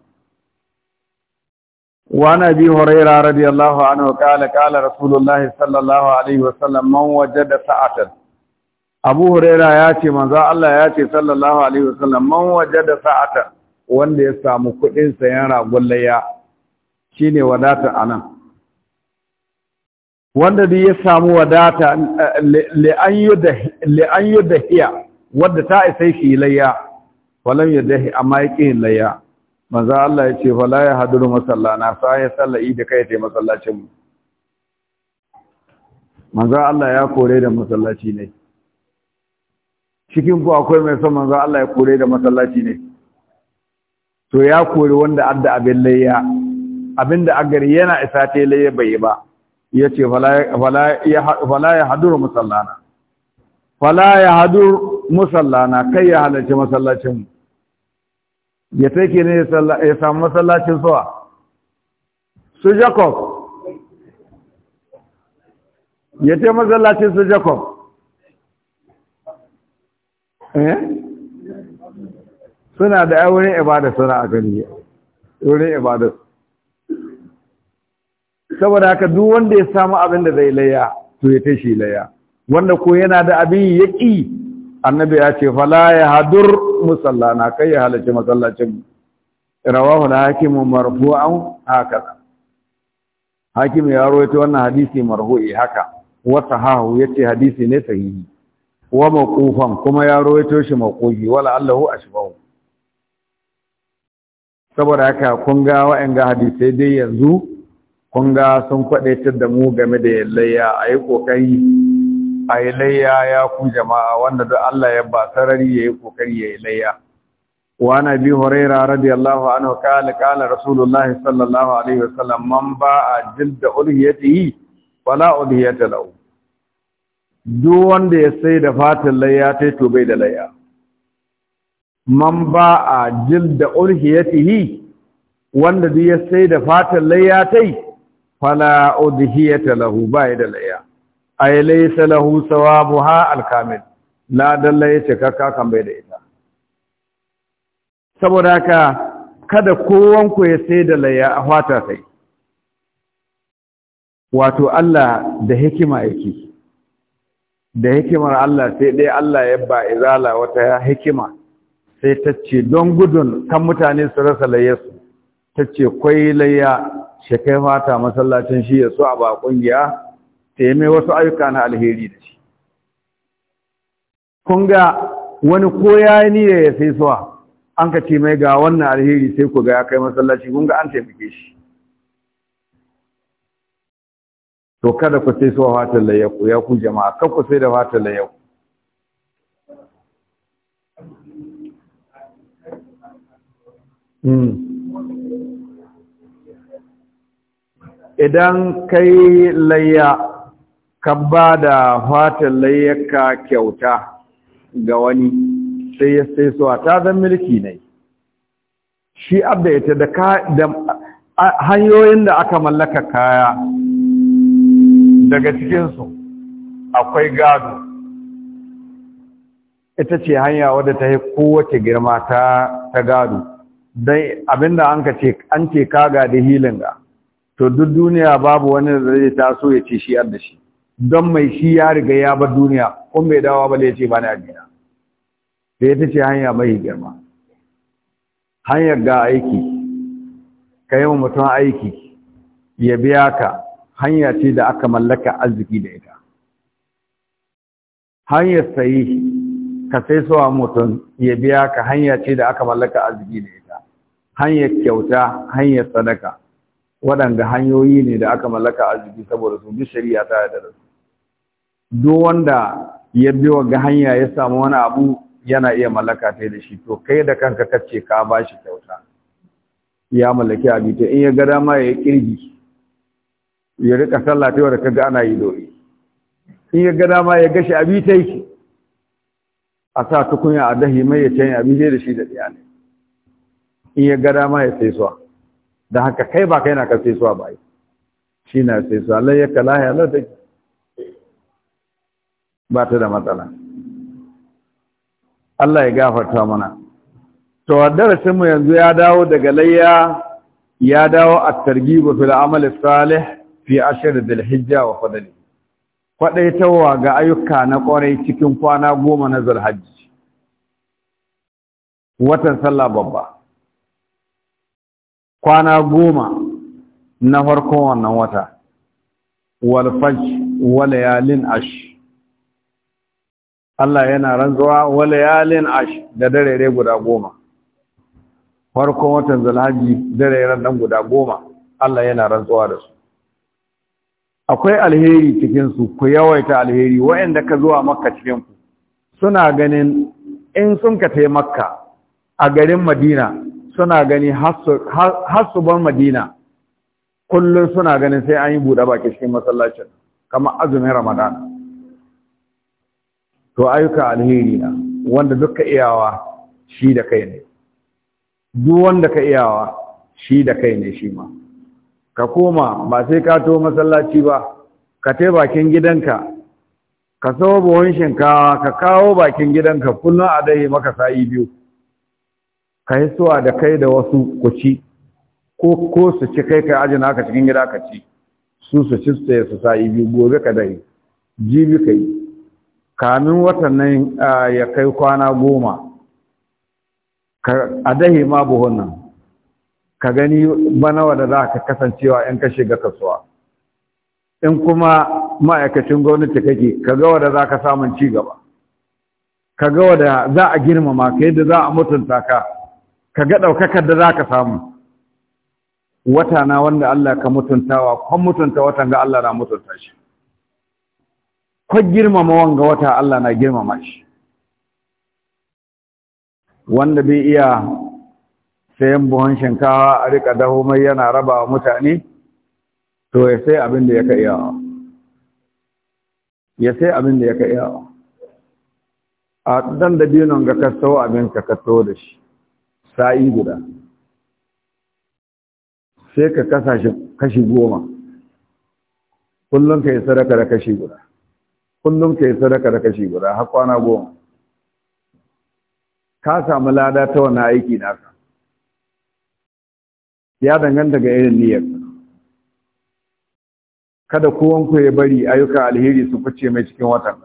A: wa nabi hurairah radiyallahu anhu qala qala rasulullahi sallallahu alaihi wasallam man wajada sa'atan abu huraira ya ce manzo Allah ya ce sallallahu alaihi wasallam man wajada sa'ata wanda ya samu kudin sayan ragon layya shine wadata anan wanda dai ya samu wadata yuda hiya wadda ta isa shi layya walam hi amma yake layya manzo Allah ya ce fala ya haduru masallana sai ya sallai da kai ta masallacin mu manzo Allah ya kore da masallaci ne cikin ku akwai mai son manzo Allah ya kore da masallaci ne to ya kore wanda adda abin layya abinda agari yana isa ta layya bai ba yace fala ya fala ya hadur musallana fala ya hadur musallana kai ya halarci masallacin ya take ne ya samu masallacin suwa su Jacob ya ce masallacin su Jacob Eh? suna da wurin ibada suna a gani wurin ibada saboda haka duk wanda ya samu abin da zai laya to ya tashi laya wanda ko yana da abin ya ƙi annabi ya ce fala ya hadur musallana kai ya halace masallacin rawahu da hakimu marfu'an haka hakim ya rawaito wannan hadisi marfu'i haka wa sahahu yace hadisi ne sahihi wa maƙufan kuma ya rawaito shi maqufi wala allahu ashbahu saboda haka kun ga ga hadisai dai yanzu kun ga sun kwadaitar da mu game da yallayya a yi ƙoƙari a yi layya ya ku jama'a wanda duk Allah ya ba sarari ya yi kokari ya yi layya wa na bi huraira radiyallahu anhu qala qala rasulullahi sallallahu alaihi wasallam man ba'a jilda ulhiyatihi wala ulhiyata lahu duk wanda ya sai da fatan layya ta to bai da layya man ba a jilda ulhiyatihi wanda duk ya sai da fatan layya tai fala udhiyata lahu ya da layya ay laysa lahu ha alkamil la dalla yace kaka kan bai da ita saboda haka kada kowanku ya sai da layya a fata sai wato Allah da hikima yake da hikimar Allah sai ɗaya Allah ya ba izala wata hikima sai ta ce don gudun kan mutane su rasa layyarsu ta ce kwai layya shi kai fata masallacin shi ya so a ba kungiya ta yi mai wasu ayyuka na alheri da shi kun wani ko ya yi ya sai suwa an ka ce mai ga wannan alheri sai ku ga ya kai masallaci kunga an taimake shi to kada ku sai suwa fatan layyaku ya ku jama'a kan ku sai da fatan layyaku hmm. idan kai layya ka ba da fatan layyaka kyauta ga wani sai ya sai suwa ta zan milki ne shi abda ita da hanyoyin da aka mallaka kaya daga cikinsu akwai gado ita ce hanya wadda ta yi kowace girma ta gado dai abinda an ka ce an ce kaga da hilin ga to duk duniya babu wani da zai taso ya ce shi da shi don mai shi ya riga ya bar duniya kun bai dawa ba ya ce ba na gina da ita ce hanya mai girma hanyar ga aiki ka yi mutum aiki ya biya ka hanya ce da aka mallaka arziki da ita hanyar sayi ka sai suwa mutum ya biya ka hanya ce da aka mallaka arziki da ita hanyar kyauta hanyar sadaka waɗanda hanyoyi ne da aka mallaka arziki saboda su bi shari'a ta yadda da su duk wanda ya bi ga hanya ya samu wani abu yana iya mallaka ta da shi to kai da kanka kace ka bashi kyauta ya mallaki abi to in ya ga dama ya yi kirgi ya rika sallah ta da kaga ana yi dori in ya ga dama ya gashi abi ta yake a sa tukunya a dahi mai ya canya abi da shi da iyali in ya ga dama ya sai suwa da haka kai ba kai na ka sai suwa ba yi shi na sai suwa lai ya kala ya lau ba ta da matsala Allah ya gafarta mana to darasinmu mu yanzu ya dawo daga layya ya dawo at-targhib fil amal salih fi ashir zulhijja wa ta kwadaitawa ga ayyuka na kwarai cikin kwana goma na zarhaji watan sallah babba kwana goma na farkon wannan wata walfaj fajr wal ash Allah yana rantsuwa wal layalin ash da dare guda goma farkon watan zulhajji dare ran guda goma Allah yana rantsuwa da su akwai alheri cikinsu ku yawaita alheri wa'anda ka zuwa makka cikinku suna ganin in sun ka tai makka a garin madina suna gani har su madina kullum suna ganin sai an yi buɗe baki cikin masallacin kamar azumin ramadana to ayyuka alheri na wanda duka iyawa shi da kai ne duk wanda ka iyawa shi da kai ne shi ma ka koma ba sai ka to masallaci ba ka tai bakin gidanka ka so buhun shinkawa ka kawo bakin gidanka kullum a dai maka sa'i biyu ka yi suwa da kai da wasu ku ci ko ko su ci kai ka ajin naka cikin gida ka ci su su ci su su sa'i biyu gobe ka dai jibi ka yi kamin watan ah, ya kai kwana goma a dahe ma buhun nan ka gani banawa da za ka kasancewa in ka shiga kasuwa in kuma ma'aikacin gwamnati kake ka ga wanda za ka samun ci gaba ka ga wanda za a girmama ka yadda za a mutunta ka ka ga ɗaukakar da za ka samu wata na wanda Allah ka mutuntawa kwan mutunta watan ga Allah na mutunta shi kwan girmama wanga wata Allah na girmama shi wanda bai iya sayan buhon shinkawa a rika daho mai yana raba wa mutane to ya sai abin da ya ka iyawa ya sai abin da ya ka iyawa a dan da binon ga kasto abin ka kasto da shi sa'i guda sai ka kasa shi kashi goma kullum ka yi sadaka da kashi guda kullum ka yi sadaka da kashi guda har kwana goma ka samu lada ta wani aiki naka ya danganta ga irin niyyar kada kowanku ya bari ayyuka alheri su fice mai cikin watan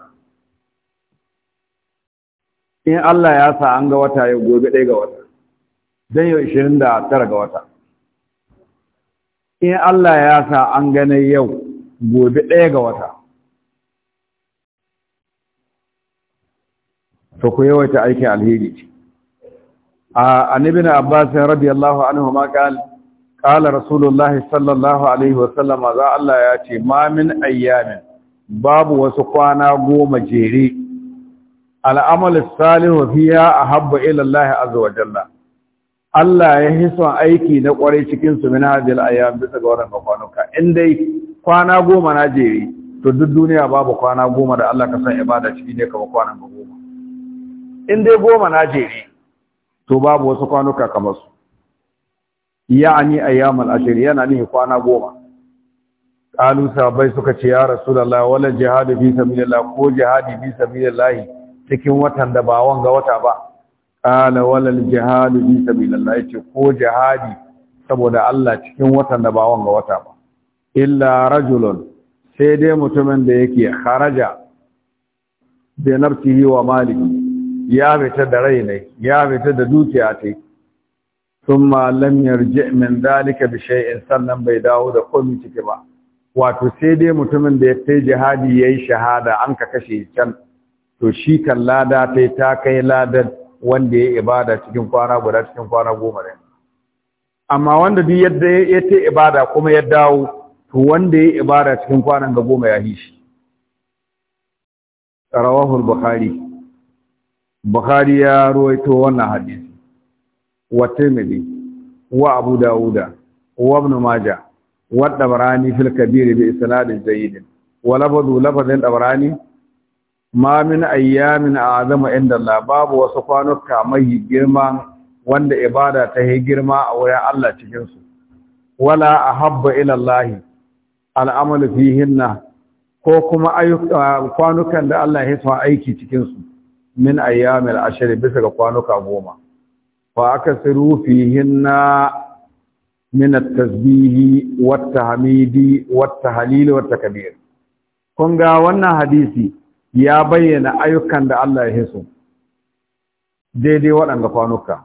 A: in Allah ya sa an ga wata yau gobe ɗaya ga wata don yau ishirin da tara ga wata in Allah ya sa an gane yau gobe ɗaya ga wata to ku yawaita aikin alheri ce a na abbas radiyallahu anhu ma qala قال رسول sallallahu alaihi الله za Allah ya ce ma min ayyamin babu wasu kwana goma jere al'amal salihu fiya ahabba ila Allah azza wa jalla Allah ya hisa aiki na kwarai cikin su min hadil ayyam bisa ga wannan kwanuka in dai kwana goma na jere to duk duniya babu kwana goma da Allah ka san ibada ciki ne kamar kwana goma in dai goma na jere to babu wasu kwanuka kamar su ya'ani ayyamul ashir yana nihi kwana goma qalu sabai suka ce ya rasulullahi wala jihadu fi sabilillahi ko jihadi fi sabilillahi cikin watan da ba wanga wata ba qala wala jihadu fi sabilillahi ce, ko jihadi saboda Allah cikin watan da ba wanga wata ba illa rajulun sai dai mutumin da yake kharaja bi nafsihi wa malihi ya fita da rai ne ya fita da dukiya ce. thumma lam yarji min zalika bi shay'in sannan bai dawo da komai cike ba wato sai dai mutumin da ya kai jihadi yayi shahada an ka kashe can to shi kan lada tai ta kai ladar wanda ya ibada cikin kwana guda cikin kwana goma ne amma wanda duk yadda ya ta ibada kuma ya dawo to wanda ya ibada cikin kwanan ga goma ya hishi rawahu al-bukhari bukhari ya ruwaito wannan hadisi wa tirmidhi wa abu dauda wa ibn majah wa dabrani fil kabir bi isnad jayyid wa labadu labadin dabrani ma min ayyamin a'zamu inda Allah babu wasu kwanuka mai girma wanda ibada ta yi girma a wurin Allah cikin wala a habba ilallahi, al'amalu hinna, ko kuma kwanukan da Allah ya sa aiki cikin su min ayyamil ashr bisa ga kwanuka goma fa akasiru fihinna min at-tasbih wa at-tahmid wa at-tahlil wa at wannan hadisi ya bayyana ayyukan da Allah ya yi hisu daidai waɗanda kwanuka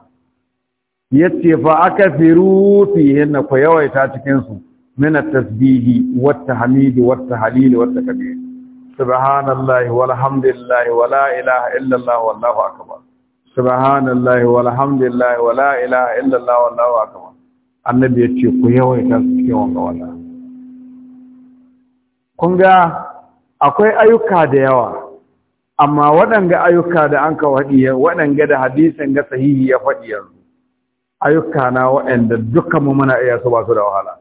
A: yace fa aka akasiru fihinna ku yawaita cikin su من التسبيح والتحميد والتهليل والتكبير سبحان الله والحمد لله ولا إله إلا الله والله أكبر subhanallahi walhamdulillahi wala ilaha illallah wallahu akbar annabi yace ku yawaita cikin wanga wala kun ga akwai ayyuka da yawa amma waɗanga ayyuka da an ka faɗi waɗanga da hadisin ga sahihi ya faɗi yanzu ayyuka na waɗanda dukkan mu muna iya su ba su da wahala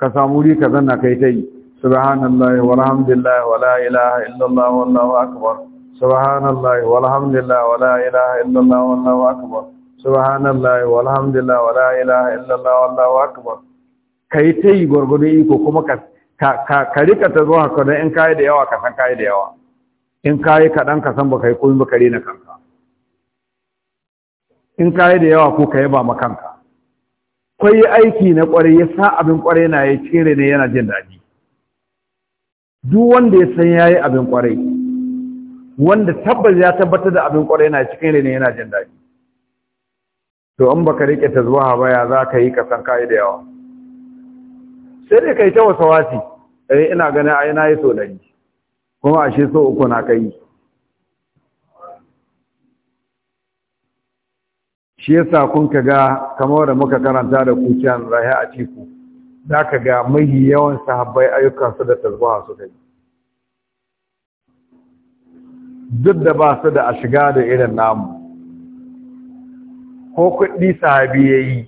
A: ka samu ri ka zanna kai ta yi subhanallahi walhamdulillahi wala ilaha illallah wallahu akbar سبحان الله والحمد لله ولا اله الا الله والله اكبر سبحان الله والحمد لله ولا اله الا الله والله اكبر kai tai gurgudu iko kuma ka ka ka rika ta zuwa ka in kai da yawa ka san kai da yawa in kai ka dan ka san ba kai ko ba kare na kanka in kai da yawa ko kai ba ma kanka kai aiki na kware ya sa abin kware na ya cire ne yana jin dadi duk wanda ya san yayi abin kware wanda tabbas ya tabbatar da abin kwarai na cikin rene yana jin daɗi to in baka rike zuwa ba ya za ka yi kasan yi da yawa sai dai yi ta wasa wasi eh ina ganin a na yi so yi kuma ashe so uku na kai shi ya sa kun ka ga kamar da muka karanta da kuciyar rahe a ciku ka ga mahi yawan sahabbai ayyukan su da zuwa suka kai duk da ba su da a shiga da irin namu ko kuɗi sahabi ya yi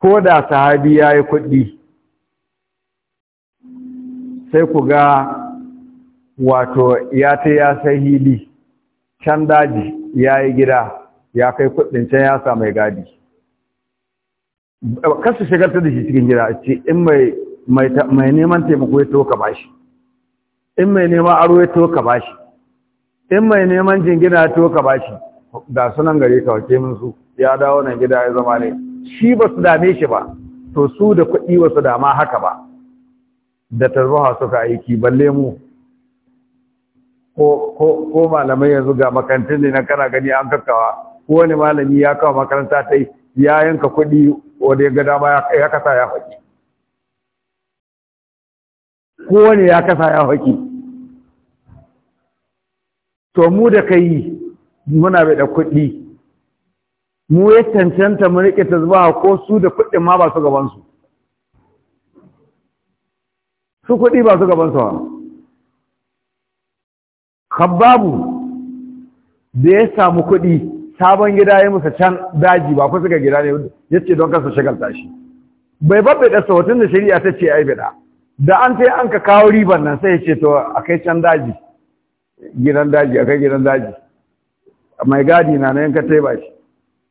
A: ko da sahabi ya yi kuɗi sai ku ga wato ya ta ya sai hili can daji ya yi gida ya kai kuɗin can ya sa mai gadi kasu shigar ta da shi cikin gida ce in mai neman taimako ya toka ka bashi in mai neman aro ya to ka bashi in mai neman jingina to ka bashi da sunan gare ka wace min su ya dawo nan gida ya zama ne shi ba su dame shi ba to su da kuɗi ba su dama haka ba da tarbaha suka aiki balle mu ko malamai yanzu ga makarantun ne na kana gani an kakkawa ko wani malami ya kawo makaranta ta yi ya yanka kuɗi wanda ya gada ya kasa ya faɗi ko wani ya kasa ya faɗi to mu da ka yi muna bai da kuɗi mu ya cancanta mu riƙe tasbaha ko su da kuɗin ma ba su gabansu su kuɗi ba su gabansu ba khabbabu da ya samu kuɗi sabon gida ya musa can daji ba kusa ga gida ne ya ce don kasa shagalta shi bai babbe da sautin da shari'a ta ce ai bida da an sai an ka kawo riban nan sai ya ce to a kai can daji gidan daji a kai gidan daji mai gadi na nan ka taiba shi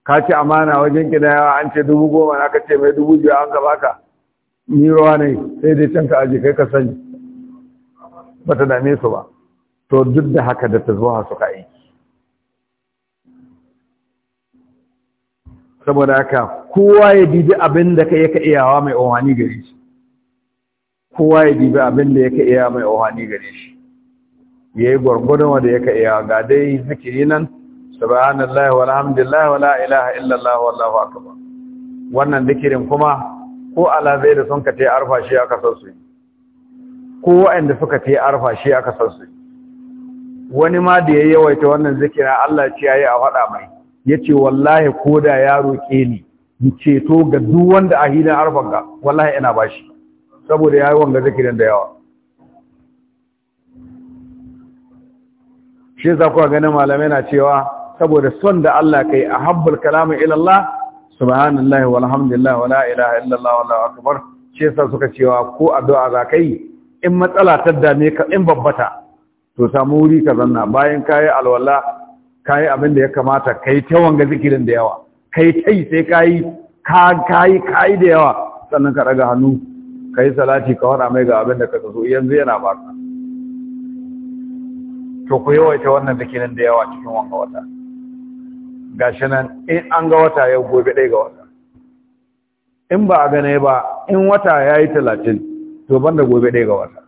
A: ka ci amana wajen yawa an ce dubu goma na ka ce mai dubu biyu an gaba ka ni rawa ne sai dai can ka aji kai ka sani ba ta dame su ba to duk da haka da ta zuwa suka aiki saboda haka kowa ya bibi abin da kai ka iyawa mai ohani gare shi kowa ya dibi abin da yaka iyawa mai ohani gare shi yayi gwargwadon wanda ya iya ga dai zikiri nan subhanallahi walhamdulillahi wala ilaha illallah wallahu akbar wannan zikirin kuma ko ala zai da sun ka tayi arfa shi aka san su ko wa'anda suka tayi arfa shi aka san su wani ma da yayi yawaita wannan zikira Allah ce yayi a fada mai yace wallahi koda ya roke ni ni ceto ga duk wanda a hidan arfan ga wallahi ina bashi saboda yayi wanga zikirin da yawa shi za kuwa ganin malamai na cewa saboda son da Allah kai a habbul kalamu ilallah subhanallah walhamdulillah wala ilaha illallah wa akbar shi sa suka cewa ko addu'a za kai in matsala ta dame ka in babbata to samu wuri ka zanna bayan kayi alwala kayi abin da ya kamata kai ta wanga zikirin da yawa kai kai sai kayi ka kayi kayi da yawa sannan ka daga hannu kai salati ka fara mai ga abin da ka so yanzu yana baka to ku yawaita wannan zikirin da yawa cikin wanga wata Ga shi nan in an ga wata yau gobe ɗaya ga wata in ba a gane ba in wata ya yi talatin to ban da gobe ɗaya ga wata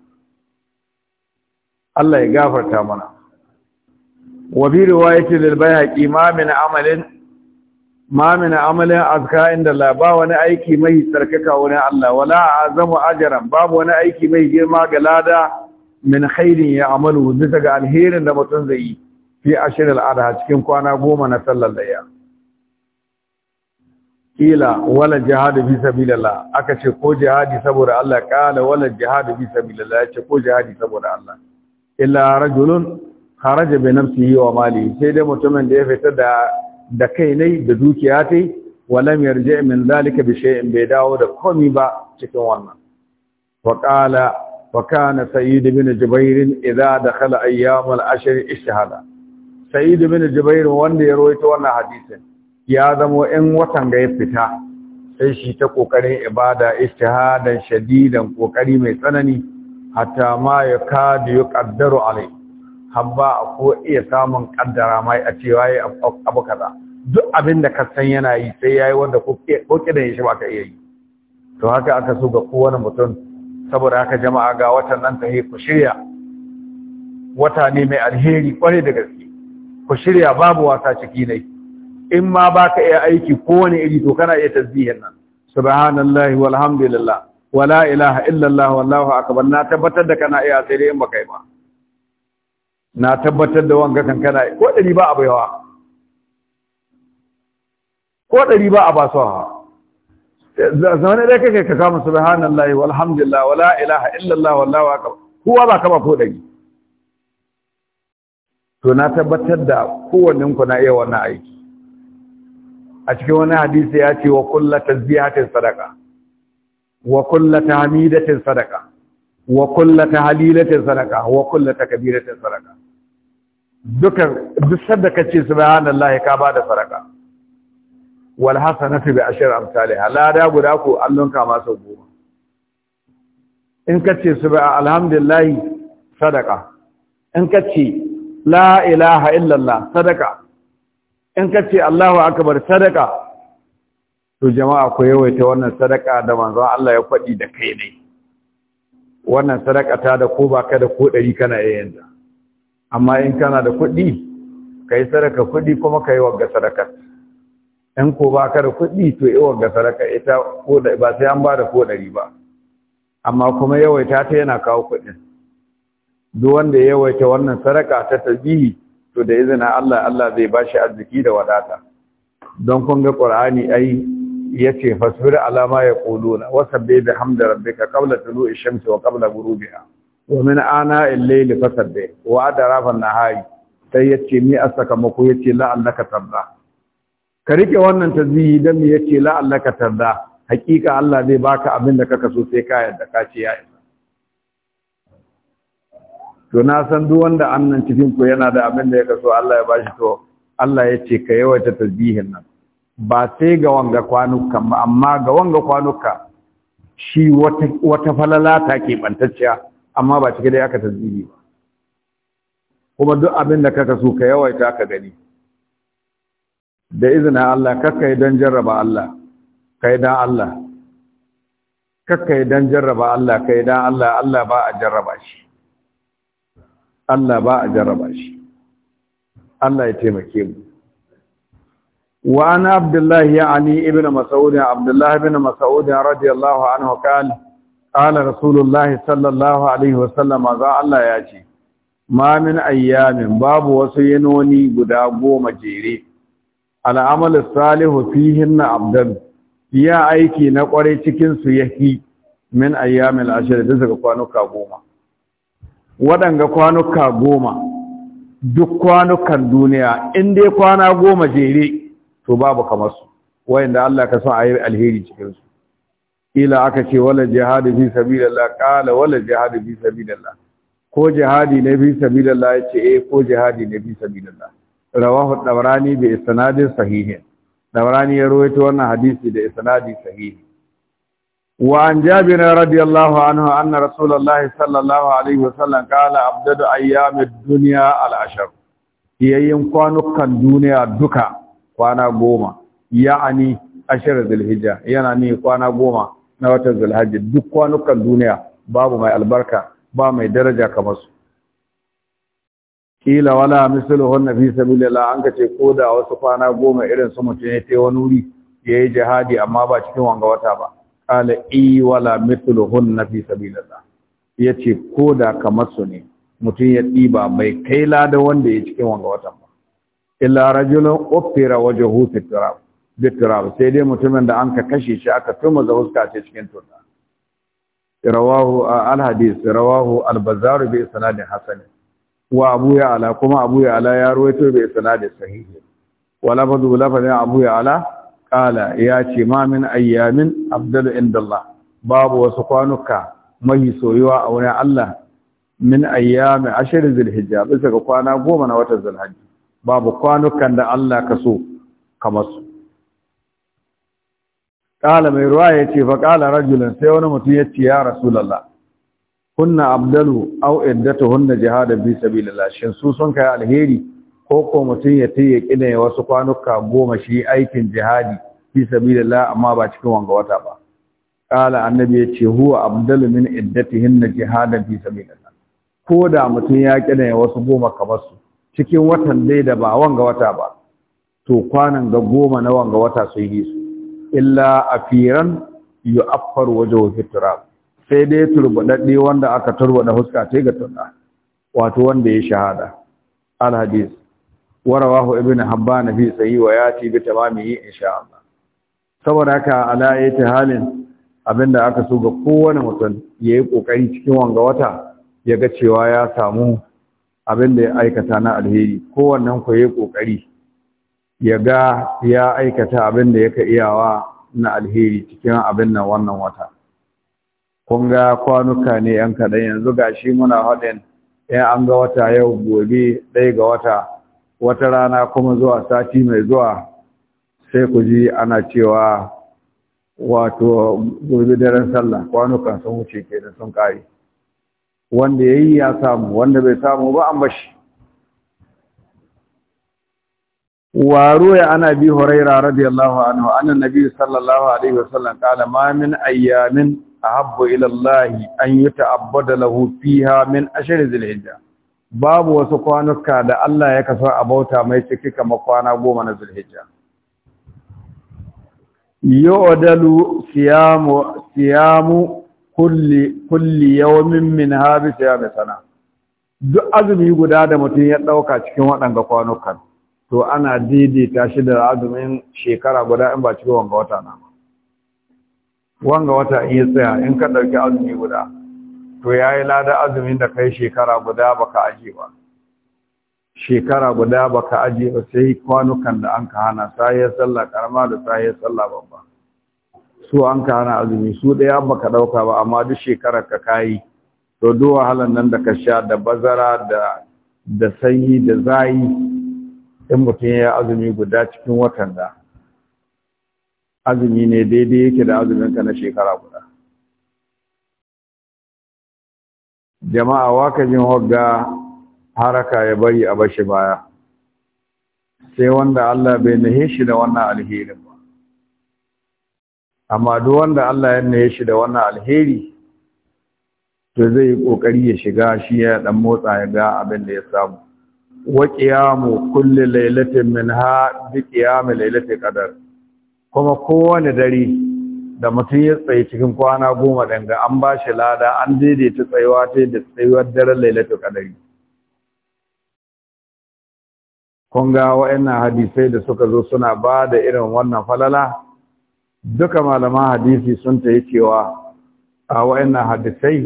A: Allah ya gafarta mana wa bi riwayati lil bayhaqi ma min amalin ma min amalin azka inda la ba wani aiki mai tsarkaka wani Allah wala azamu ajran babu wani aiki mai girma ga lada min khairin ya amalu bisa ga alherin da mutum zai yi fi ashirin al'ada cikin kwana goma na sallar daya kila wala jihadu fi sabilillah aka ce ko jihadi saboda Allah kala wala jihadu fi sabilillah ce ko jihadi saboda Allah illa rajulun kharaja bi nafsihi wa mali sai dai mutumin da ya fita da da kai ne da dukiya tai walam yarji min zalika bi shay'in bai dawo da komi ba cikin wannan wa qala وكان سيد بن جبير إذا دخل أيام العشر اجتهد سيد بن جبير wanda ya rawaito wannan hadisin ya zamo 'yan watan ga fita sai shi ta kokarin ibada ijtihadan shadidan kokari mai tsanani hatta ma ya ya kaddaru alai habba ko iya samun kaddara mai a cewa ya abu kaza duk abin da ka san yana yi sai yayi wanda ko kidan shi ba ka iya yi to haka aka so ga kowane mutum saboda haka jama'a ga watan nan tahe ku shirya wata ne mai alheri kwarai da gaske ku shirya babu wasa ciki ne in ma baka iya aiki wani iri to kana iya tasbihin nan subhanallahi walhamdulillah wala ilaha illallah wallahu akbar na tabbatar da kana iya sai dai in baka yi ba na tabbatar da wanga kan kana ko dari ba a ko dari ba a basuwa zaune dai kake ka kama subhanallahi walhamdulillah wala ilaha illallah wallahu akbar kowa ba kama ko dari to na tabbatar da kowannen ku na iya wannan aiki a cikin wani hadisi ya ce wa kullata ziyatin sadaka wa kullata hamidatin sadaka wa kullata halilatin sadaka wa kullata kabiratin sadaka duka duk sadaka ce subhanallahi ka bada sadaka. wal hasanatu bi ashri amsalha lada guda ko allon kama goma in kace subha alhamdulillah sadaka in kace la ilaha illallah sadaka in kace allahu akbar sadaka to jama'a ku yawaita wannan sadaka da manzon Allah ya faɗi da kai ne wannan sadaka ta da ko baka da ko ɗari kana yayin da amma in kana da kuɗi kai sadaka kuɗi kuma ka kai wagga sadakar in ko ba ka da kuɗi to yawan ga sadaka ita ko da ba sai an ba da ko ɗari ba amma kuma yawaita ta yana kawo kuɗin duk wanda ya yawaita wannan sadaka ta tasbihi to da izina Allah Allah zai bashi arziki da wadata don kun ga Qur'ani ai yace fasbir ala ma yaquluna wasabbi bihamdi rabbika qabla tulu'i shamsi wa qabla ghurubiha wa min ana al-layli fasabbi wa adrafa an-nahari sai yace mi asaka muku yace la'annaka tabba ka rike wannan tasbihi dan me yace la'allaka tarda hakika Allah zai baka abin da kaka so sai ka yarda ka ce ya isa to na san duk wanda annan cikin ku yana da abin da ya kaso Allah ya bashi to Allah ya ce ka yawaita tasbihin nan ba sai ga wanga kwanukan ba amma ga wanga kwanuka shi wata falala ta ke bantacciya amma ba cike da aka tasbihi ba kuma duk abin da kaka so ka yawaita ka gani da izinin Allah kakka yi don jarraba Allah kai don Allah kakka yi don jarraba Allah kai don Allah Allah ba a jarraba shi Allah ba a jarraba shi Allah ya taimake mu wa ana abdullahi yani ibn mas'ud abdullahi ibn mas'ud radiyallahu anhu qala qala rasulullahi sallallahu alaihi wasallam za Allah ya ce ma min ayyamin babu wasu yanoni guda goma jere al'amal salihu na abdan ya aiki na kwarai cikinsu ya fi min ayyamin ashirin da daga kwanuka goma waɗanga kwanuka goma duk kwanukan duniya in dai kwana goma jere to babu kamar su wayanda Allah ka a yi alheri cikinsu. ila aka ce wala jihadi fi Allah, kala wala jihadi fi Allah. ko jihadi na fi ya ce eh ko jihadi na fi Allah. rawahu dabrani bi isnadin sahihin dabrani ya rawaito wannan hadisi da isnadi sahihi wa an jabir radiyallahu anhu anna rasulullahi sallallahu alaihi wasallam qala abdadu ayyamid dunya al-ashr yayin kwanukan duniya duka kwana goma ya'ani ashir zulhijja yana ni kwana goma na watan zulhajji duk kwanukan duniya babu mai albarka ba mai daraja kamar su kila wala misalu hunna fi sabilillah an ka ce ko da wasu kwana goma irin su mutum ya ce wani wuri ya yi jihadi amma ba cikin wanga wata ba kala i wala misalu hunna fi sabilillah ya ce ko da kamar su ne mutum ya ɗiba bai kai lada wanda ya cikin wanga watan ba illa rajulun ofira waje hutu turab bitirab sai dai mutumin da an ka kashe shi aka tuma za huska ce cikin tunda rawahu al rawahu al bi sanadin hasani wa abu ya ala kuma abu ya ala ya ruwaito bai da sahihi wa lafadu lafadin abu ya ala kala ya ce ma min ayyamin abdal indallah babu wasu kwanuka mahi soyuwa a wurin Allah min ayyamin ashirin zulhijja bisa ga kwana goma na watan zulhijja babu kwanukan da Allah ka so kamar su kala mai ruwa ya ce fa kala rajulun sai wani mutum ya ce ya rasulallah hunna abdalu aw hunna jihada bi sabilillah shin su sun kai alheri ko ko mutun ya tayi kine wasu kwanuka goma shi aikin jihadi fi sabilillah amma ba cikin wanga wata ba kala annabi ce huwa abdalu min iddatihinna jihada fi sabilillah ko da mutun ya kine wasu goma kamar su cikin watan dai da ba wanga wata ba to kwanan ga goma na wanga wata sun yi su illa afiran yu'affar wajhu fi sai dai turbaɗaɗɗe wanda aka turbada huska ce ga tunda wato wanda ya shahada al hadith warawahu ibn na fi tsayi wa ci bi yi in Allah saboda haka ala yati halin abinda aka so ga kowane mutum yayi kokari cikin wanga wata ya ga cewa ya samu abinda ya aikata na alheri kowannen ku yayi kokari ya ga ya aikata abinda yake iyawa na alheri cikin abin nan wannan wata kun ga kwanuka ne yan kaɗan yanzu ga shi muna haɗin yan an ga wata yau gobe ɗaya ga wata wata rana kuma zuwa sati mai zuwa sai ku ji ana cewa wato gobe daren sallah kwanuka sun wuce ke da sun kare wanda ya yi ya samu wanda bai samu ba an bashi waro ya ana bi huraira radiyallahu anhu annan nabi sallallahu alaihi wasallam kala ma min ayyamin ahabbu ila Allah an yuta'abbada lahu fiha min ashr zulhijja babu wasu kwanuka da Allah ya kaso a bauta mai ciki kamar kwana goma na zulhijja yu'dalu siyamu siyamu kulli kulli yawmin min habi siyami sana duk azumi guda da mutum ya dauka cikin waɗanga kwanukan to ana daidaita shi da azumin shekara guda in ba cikin wanga wata na ba wanga wata in ya tsaya in ka ɗauki azumi guda to ya yi lada azumin da kai shekara guda baka aje ba shekara guda baka aje ba sai kwanukan da an ka hana sahiyar sallah karama da sahiyar sallah babba su an ka hana azumi su ɗaya baka ɗauka ba amma duk shekarar ka kayi to duk wahalan nan da ka sha da bazara da da sanyi da zayi in mutum ya yi azumi guda cikin watan da azumi ne daidai yake da azumin na shekara guda jama'a waka jin hogga haraka ya bari a bashi baya sai wanda Allah bai nahe shi da wannan alherin ba amma duk wanda Allah ya nahe shi da wannan alheri to zai yi ƙoƙari ya shiga shi ya dan motsa ya ga abin da ya samu wa qiyamu kulli lailatin minha bi qiyam lailatul ƙadar. kuma kowane dare da mutum ya tsaye cikin kwana goma danga an ba shi lada an daidaita tsayuwa ta da tsayuwar daren lailatul qadari kun ga wa'annan hadisai da suka zo suna ba da irin wannan falala duka malaman hadisi sun ta yi cewa a wa'annan hadisai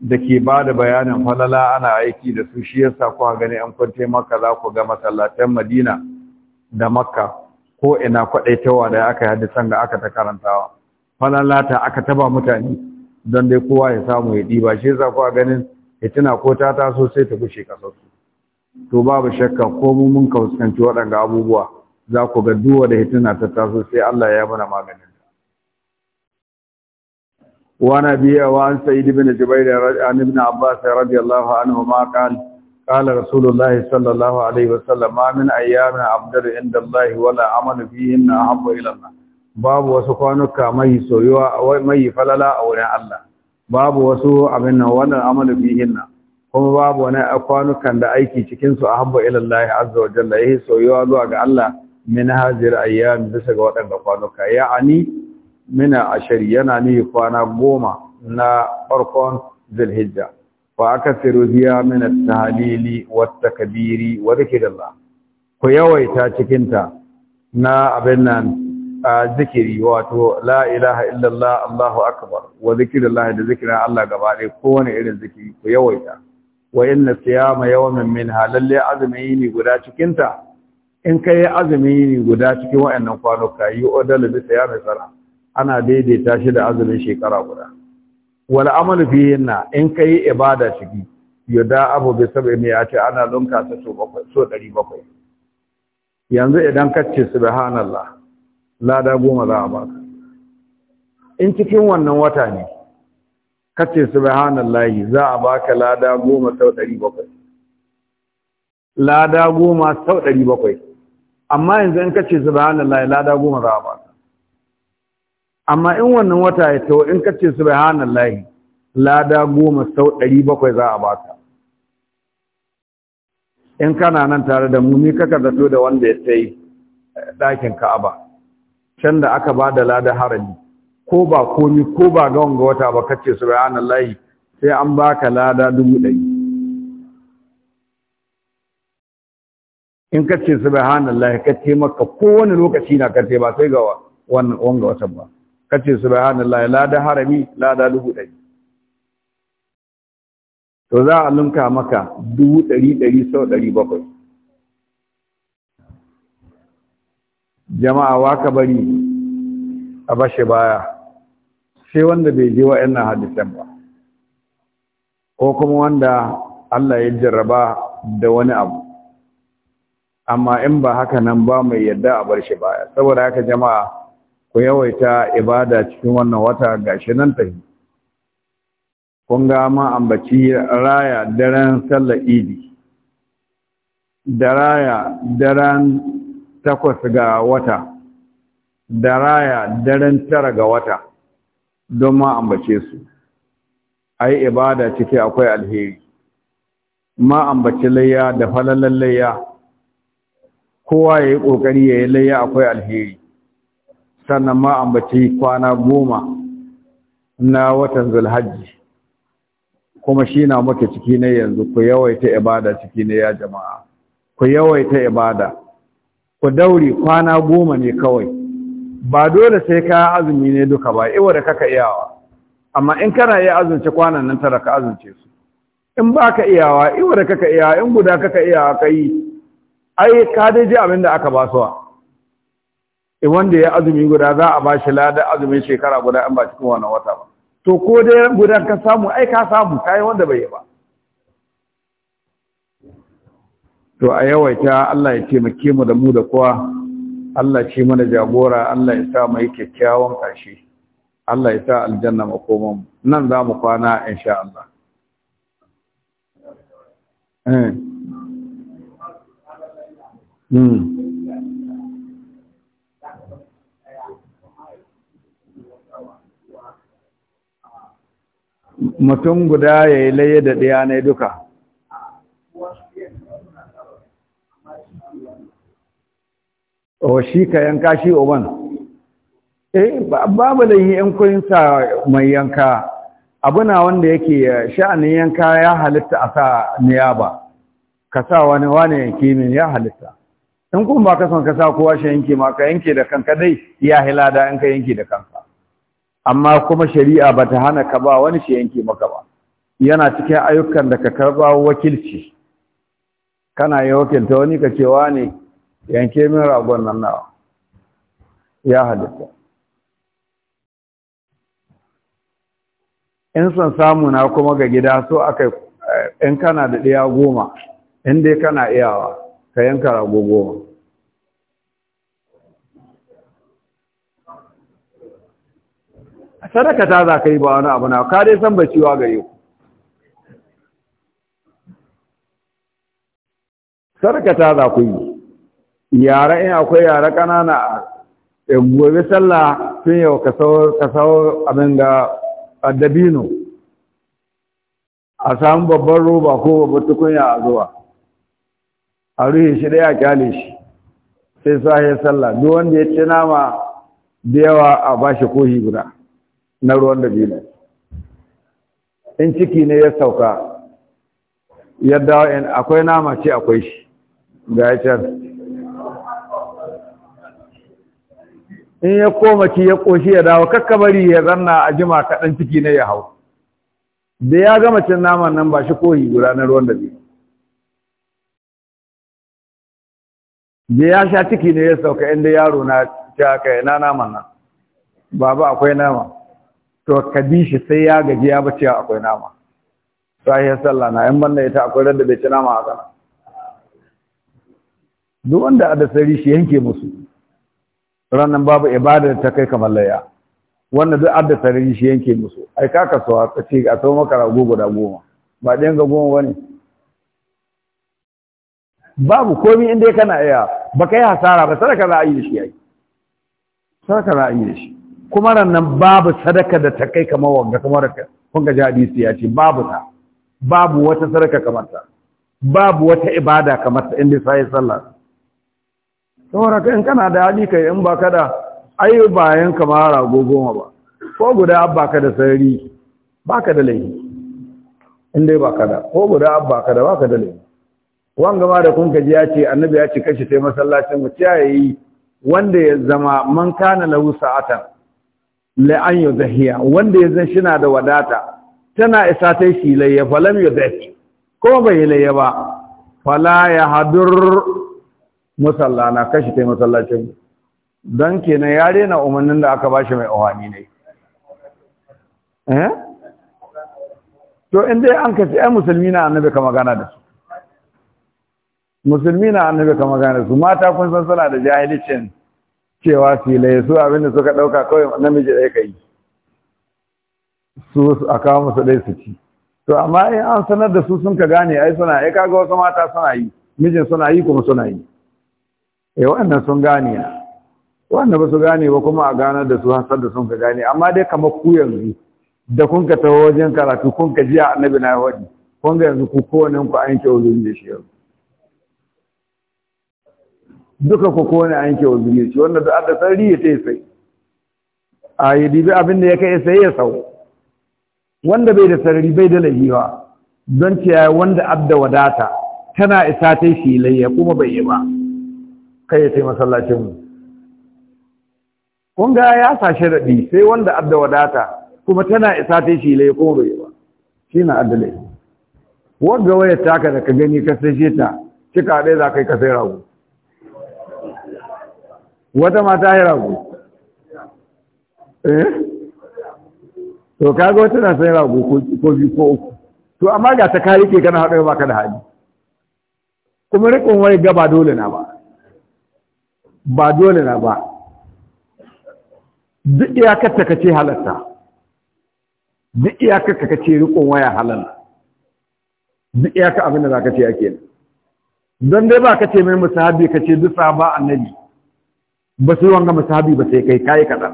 A: da ke ba da bayanin falala ana aiki da su shi yasa kuka gani an kwante maka za ku ga masallatan madina da makka ko ina ta da aka yi hadisan da aka ta karantawa falalata aka taba mutane don dai kowa ya samu ya ɗiba shi yasa a ganin hitina ko ta taso sai ta gushe kasarsu to babu shakka ko mu mun kauskanci waɗanga abubuwa za ku ga duwa da hitina ta taso sai Allah ya mana maganin وعن أبي وعن سيد بن جبير عن ابن عباس رضي الله عنهما قال قال رسول الله صلى الله عليه وسلم ما من أيام أبدر عند الله ولا عمل فيهن أحب إلى الله babu wasu kwanuka mai soyuwa mai falala a wurin Allah babu wasu abin nan wannan kuma babu wani kwanukan da aiki cikin su ahabba ila Allah azza wa jalla yahi soyuwa zuwa ga Allah min hazir ayyam bisa ga waɗanda kwanuka ya'ani mina ashari yana ni kwana goma na farkon zulhijja wa akasiru biya min tahalili tahlili wat-takbiri wa dhikrillah ku yawaita cikinta. ta na abin nan zikiri wato la ilaha illallah allahu akbar wa dhikrillah da zikirin Allah gaba ɗaya kowane irin zikiri ku yawaita wa na siyama yawmin min halalle azumi ne guda cikinta? in kai azumi ne guda cikin wayannan kwanuka yi odalu bi siyami ana daidaita shi da azumin shekara guda wal amalu fihinna in kai ibada ciki yada abu bi ya ce ana lunka ta so bakwai so 700 yanzu idan ka ce subhanallah lada goma za a baka in cikin wannan wata ne ka ce subhanallahi za a baka lada goma sau 700 lada goma sau 700 amma yanzu in ka ce subhanallahi lada goma za a baka amma in wannan wata ya tawo in kace subhanallahi lada goma sau ɗari bakwai za a baka in kana nan tare da mu ni kaka zato da wanda ya sai eh, ɗakin ka'aba can da aka ba da lada harami ko ba komi ko ba ga wanga wata ba kace subhanallahi sai an baka lada dubu ɗari in ka ce subhanallahi kace maka kowane lokaci na kace ba sai ga wannan wanga watan ba kace subhanallahi la da harami la da dubu ɗari to za a lunka maka dubu ɗari ɗari sau ɗari bakwai jama'a wa ka bari a bashe baya sai wanda bai je wa yana hadisan ba ko kuma wanda Allah ya jarraba da wani abu amma in ba haka nan ba mai yadda a bar shi baya saboda haka jama'a ku yawaita ibada cikin wannan wata gashi nan tafi kun ga ma ambaci raya daren sallar idi da raya daren takwas ga wata da raya daren tara ga wata don ma ambace su a yi ibada ciki akwai alheri ma ambaci layya da falalan layya kowa ya yi ƙoƙari ya yi layya akwai alheri sannan ma ambaci kwana goma na watan zulhajji kuma shi na muke ciki na yanzu ku yawaita ibada ciki na ya jama'a ku yawaita ibada ku dauri kwana goma ne kawai ba dole sai ka azumi ne duka ba iwa da kaka iyawa amma in kana iya azumce kwanan nan tara ka azumce su in baka iyawa iwa da kaka iyawa in guda kaka iyawa kai ai ka dai ji abin da aka basuwa wanda ya azumi guda za a bashi lada azumin shekara guda an ba shi kuma wannan wata ba to ko dai gudan ka samu ai ka samu kai wanda bai yi ba to a yawaita Allah ya ce muke mu da mu da kowa Allah ce mana jagora Allah ya sa mu yi kyakkyawan kashi Allah ya sa aljanna mu. nan za mu kwana insha Allah eh mm mutum guda ya yi laye da ɗaya na duka o shi ka yanka shi oban eh babu da yi yankunsa mai yanka abuna wanda yake eh, sha'anin yanka ya halitta a sa niyaba ka sa wani wani yanki min ya halitta in kuma ba ka son ka sa kowa shi yanki ma ka yanki da kanka dai ya hila da yanka yanki da kanka amma kuma shari'a ba ta hana ka ba wani shi yanke maka ba yana cikin ayyukan da ka karba wakilci kana yi wakilta wani ka cewa ne yanke min ragon nan nawa ya halitta in son samu na kuma ga gida so aka eh, in kana da ɗaya goma in dai kana iyawa ka yanka rago goma sadaka ta za ka yi ba wani abu na ka dai san baciwa gare ku sadaka ta za ku yi yara in akwai yara ƙanana a gobe sallah sun yau ka sawo abin da addabino a samu babban roba ko babban tukunya a zuwa a ruhe shi ɗaya kyale shi sai sahe sallah duk wanda ya ci nama da yawa a bashi kohi guda na ruwan dabino in ciki ne ya sauka yadda akwai nama ce akwai shi ga ya can in ya koma ci ya ƙoshi ya dawo kakkabari ya zanna a jima kaɗan ciki ne ya hau da ya gama cin naman nan ba shi kohi guda na ruwan dabino da ya sha ciki ne ya sauka inda yaro na ta kai na naman nan babu akwai nama to ka bi shi sai ya gaji ya bace akwai nama ya sallah na in banda ita akwai radda bai ci nama haka duk wanda ada sari shi yanke musu ranan babu ibada ta kai kamar laya wanda duk adda Sari shi yanke musu ai ka kasuwa ka ce a so maka rago guda goma ba ɗayan ga goma wani babu komai inda kana iya ba yi hasara ba sarka za a yi shi yayi sarka za a yi shi kuma rannan babu sadaka da ta kai kamar wanga kamar kunga ji hadisi ya ce babu ta babu wata sadaka kamar ta babu wata ibada kamar ta inda sai sallah saboda kan kana da hali kai in baka da ai bayan kamar rago goma ba ko guda baka da sarari baka da laifi in dai baka da ko guda baka da baka da laifi wanga ma da kunga ji ya ce annabi ya ce kashi sai masallacin mu ciyayi wanda ya zama man kana lahu sa'atan la'an yuzahiya wanda ya zan shina da wadata tana isa ta shi layya falam yuzahi ko bai layya ba fala ya hadur na kashi yi masallacin don kenan ya rena umarnin da aka bashi mai ohani ne eh to inda an kace ai musulmi na annabi ka magana da su musulmi na annabi ka magana da su mata kun san suna da jahilicin cewa filaye su abinda suka ɗauka kawai namiji ɗaya ka yi su a kawo musu ɗaya su ci to amma in an sanar da su sun ka gane ai suna ai kaga wasu mata suna yi mijin suna yi kuma suna yi eh wannan sun gane wannan ba su gane ba kuma a gane da su hasar da sun ka gane amma dai kamar ku yanzu da kun ka taho wajen karatu kun ka ji a annabi na wadi kun ga yanzu ku kowane ku an kyau zuwa shi yanzu duka ku kone an kewa wazuri ce wanda da aka sarri ya yi sai a yi dibi abin da ya kai sai ya sau wanda bai da sarri bai da lahiwa don ce wanda abda wadata tana isa ta shi layya kuma bai yi ba kai ya taimaka masallacin mu kun ga ya sa sharaɗi sai wanda abda wadata kuma tana isa ta shi layya kuma bai yi ba shi na adalai Wanda wayar taka da ka gani ka sai ta cika ɗaya za ka yi ka sai rago wata mata ya rago eh to kaga wata na sai rago ko biyu ko uku to amma ga ta kare ke kana haɗar baka da hali kuma rikon wani ga ba dole na ba ba dole na ba duk iyakar ta kace halatta duk iyakar ka kace rikon waya halal duk iyakar abin da za ka ce ake don dai ba ka ce mai musahabi ka ce duk sahaba annabi ba sai wanga musabi ba sai kai kai kaza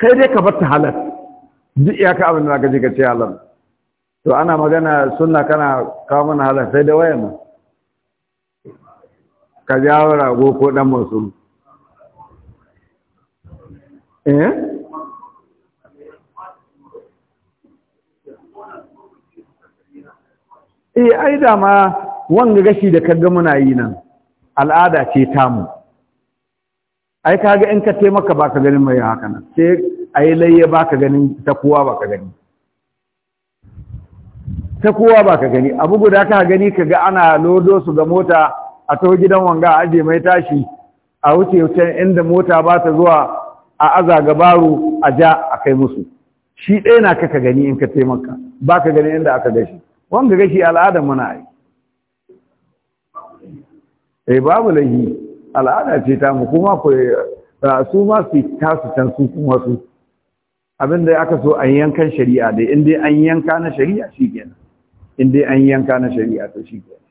A: kai dai ka bata halar. halal duk iyaka abin da zaka je ka ce halal to ana magana sunna kana kawo mana halal sai da wayan ka jawo rago ko dan masu eh eh ai dama wanga gashi da kaga muna yi nan al'ada ce tamu ai kaga in ka taimaka baka ganin mai haka nan sai ai layya baka ganin ta kowa baka gani ta kowa baka gani abu guda ka gani kaga ana lodo su ga mota a to gidan wanga a aje mai tashi a wuce wuce, inda mota ba ta zuwa a aza gabaru a ja a kai musu shi ɗaya na kaka gani in ka taimaka ba ka gani inda aka gashi wanda gashi al'adar muna aiki. eh babu lahi al'ada ce ta mu kuma ku eh, su ma su tasu can su kuma su abin da aka so an yankan shari'a dai in dai an yanka na shari'a shi kenan in dai an yanka na shari'a to shi kenan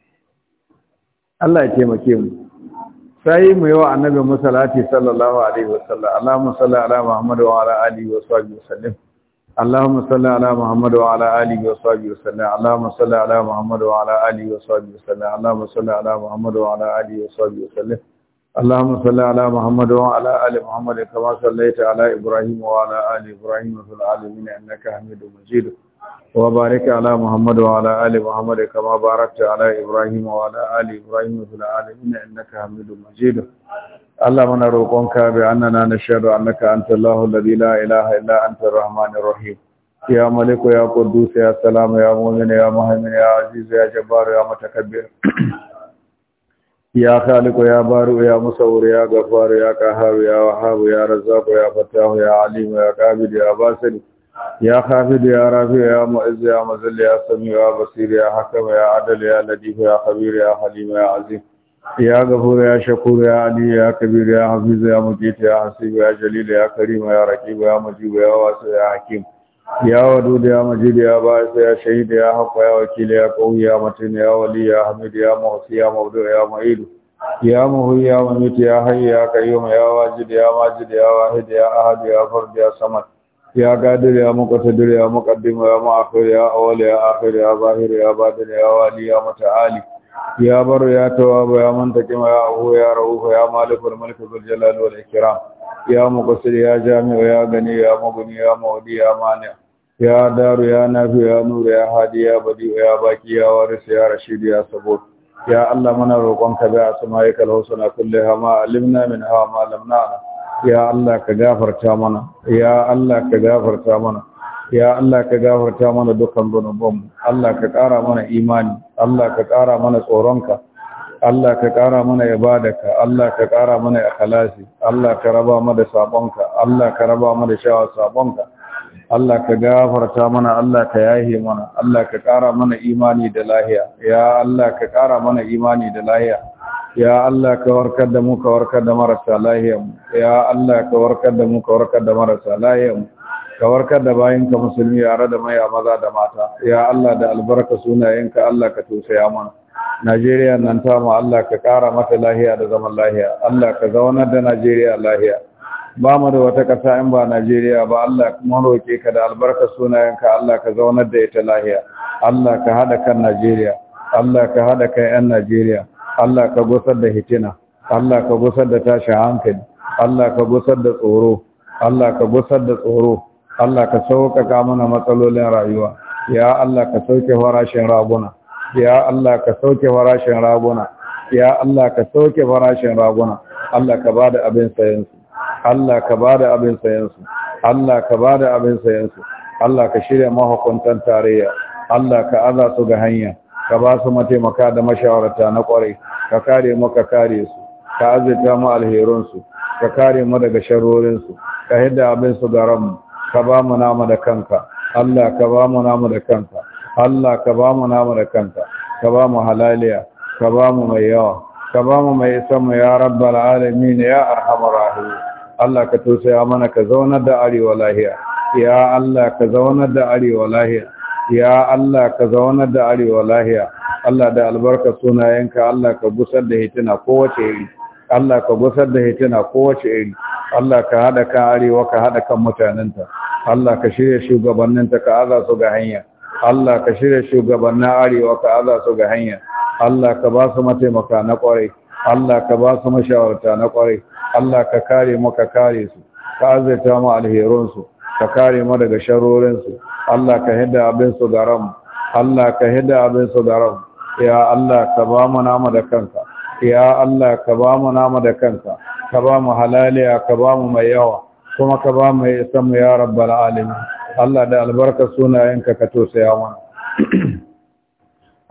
A: Allah ya taimake mu sai mu yawa annabi musallati sallallahu alaihi wasallam Allahumma salli ala Muhammad wa ala alihi wa sahbihi wasallam اللهم صل على محمد وعلى اله وصحبه وسلم اللهم صل على محمد وعلى اله وصحبه وسلم اللهم صل على محمد وعلى اله وصحبه وسلم اللهم صل على محمد وعلى ال محمد كما صليت على ابراهيم وعلى ال ابراهيم في العالمين انك حميد مجيد وبارك على محمد وعلى ال محمد كما باركت على ابراهيم وعلى ال ابراهيم في العالمين انك حميد مجيد Allah muna roƙonka bi annana nashhadu annaka antallahu alladhi la ilaha illa anta rahmanin rahim ya maliku ya qudus ya salam ya mu'min ya muhammin ya aziz ya jabbar ya mutakabbir ya khaliqu ya baru ya musawwir ya ghaffar ya qahhar ya wahabu ya razzaq ya fattah ya alimu ya qabid ya basir ya khafid ya rafi ya mu'izu ya muzil ya sami ya basiru ya hakim ya adil ya latif ya khabir ya halim ya azim يا غفور يا شكور يا علي يا كبير يا حفيظ يا مجيد يا حسيب يا جليل يا كريم يا رقيب يا مجيب يا واسع يا حكيم يا ودود يا مجيد يا باعث يا شهيد يا حق يا وكيل يا قوي يا متين يا ولي يا حميد يا محصي يا مبدع يا معيد يا مهي يا مميت يا حي يا قيوم يا واجد يا ماجد يا واحد يا احد يا فرد يا صمد يا قادر يا مقتدر يا مقدم يا مؤخر يا اول يا اخر يا ظاهر يا باطن يا والي يا متعالي يا بر يا تواب يا من تكما يا أبو يا روح يا مالك الملك ذو والإكرام يا مقصر يا جامع يا غني يا مغني يا مودي يا مانع يا دار يا نافي يا نور يا هادي يا بديع يا باكي يا وارث يا رشيد يا صبور يا الله من منا روقنك بأسمائك الحسنى كلها ما علمنا منها ما لم نعلم يا الله كغفرتا تامنا يا الله كغفرتا تامنا يا الله كغفرتا تامنا دكان ذنوبنا الله كقارا من إيماني Allah ka ƙara mana tsoronka Allah ka ƙara mana ibadaka Allah ka ƙara mana ikhlasi Allah ka raba mana sabonka Allah ka raba mana da shawa sabonka Allah ka gafarta mana Allah ka yahe mana Allah ka ƙara mana imani da lahiya ya Allah ka ƙara mana imani da lahiya ya Allah ka warkar da mu ka warkar da marasa lahiya ya Allah ka warkar da mu ka warkar da marasa lahiya ka warkar da bayinka musulmi yare da maya maza da mata ya Allah da albarka sunayenka Allah ka tausaya mana Najeriya nan ta mu Allah ka kara mata lahiya da zaman lahiya Allah ka zaunar da Najeriya lahiya ba mu da wata ƙasa in ba Najeriya ba Allah mu roke ka da albarka sunayenka Allah ka zaunar da ita lahiya Allah ka hada kan Najeriya Allah ka hada kan yan Najeriya Allah ka gusar da hitina Allah ka gusar da tashin hankali Allah ka gusar da tsoro Allah ka gusar da tsoro Allah ka sauƙaƙa mana matsalolin rayuwa ya Allah ka sauke farashin raguna ya Allah ka sauke farashin raguna ya Allah ka sauke farashin raguna Allah ka bada abin sayansu Allah ka bada abin sayansu Allah ka bada abin sayansu Allah ka shirya mahukuntan tarayya Allah ka aza su ga hanya ka ba su mataimaka da mashawarta na kwarai ka kare mu ka kare su ka azurta mu alherinsu ka kare mu daga sharorinsu ka hidda abin su ga ranmu ka ba mu namu da kanka Allah ka ba mu namu da kanka Allah ka ba mu namu da kanka ka ba mu halaliya ka ba mu mai yawa ka ba mu mai isa mu ya rabbal alamin ya arhamar rahim Allah ka tausaya mana ka zauna da arewa lahiya ya Allah ka zauna da arewa lahiya ya Allah ka zauna da arewa lahiya Allah da albarka sunayenka Allah ka busar da hitina kowace iri Allah ka gusar da hituna kowace iri Allah ka hada kan arewa ka haɗa kan mutanenta Allah ka shirya shugabanninta ka aza su ga hanya Allah ka shirya shugabannin arewa ka aza su ga hanya Allah ka ba su mataimaka na ƙwarai. Allah ka ba su mashawarta na ƙwarai. Allah ka kare mu ka kare su ka azaita mu alherunsu ka kare mu daga sharorinsu Allah ka hidda abin su garam Allah ka hidda abin su garam ya Allah ka ba mu nama da kanka ya Allah ka ba mu nama da kanka ka ba mu halaliya ka ba mu mai yawa kuma ka ba mu isa mu ya rabbal alamin Allah da albarka sunayenka ka ya mana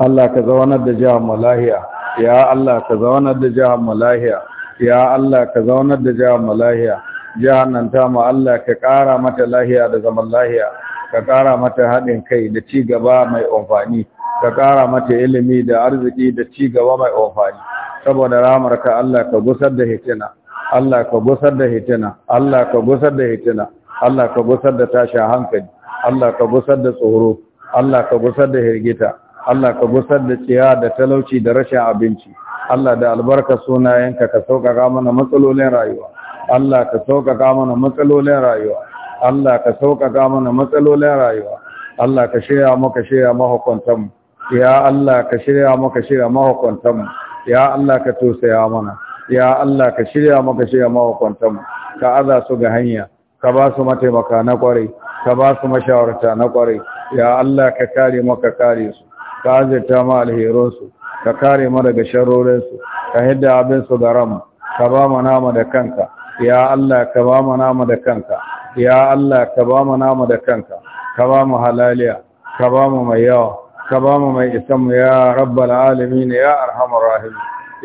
A: Allah ka zaunar da jihar malahiya ya Allah ka zaunar da jihar malahiya ya Allah ka zaunar da jihar malahiya jihar nan ta mu Allah ka ƙara mata lahiya da zaman lahiya ka ƙara mata haɗin kai da ci gaba mai amfani ka kara mata ilimi da arziki da ci gaba mai amfani saboda ramarka Allah ka gusar da hitina Allah ka gusar da hitina Allah ka gusar da hitina Allah ka gusar da tashin hankali Allah ka gusar da tsoro Allah ka gusar da hirgita Allah ka gusar da ciya da talauci da rashin abinci Allah da albarka sunayenka ka sauƙaƙa mana matsalolin rayuwa Allah ka sauƙaƙa mana matsalolin rayuwa Allah ka sauƙaƙa mana matsalolin rayuwa Allah ka shirya maka shirya mahukuntanmu ya Allah ka shirya maka shirya mahukuntanmu ya Allah ka tosaya mana ya Allah ka shirya maka shirya mawakwantan mu ka aza su ga hanya ka ba su mataimaka na kwarai ka ba su mashawarta na kwarai ya Allah ka kare maka kare su ka azirta ma su, ka kare mu daga su ka hidda abin su ga ramu ka ba mu nama da kanka ya Allah ka ba mu nama da kanka ya Allah ka ba mu nama da kanka ka ba mu halaliya ka ba mu mai yawa ka ba mu mai isanmu ya rabbal ne, ya arhamar rahim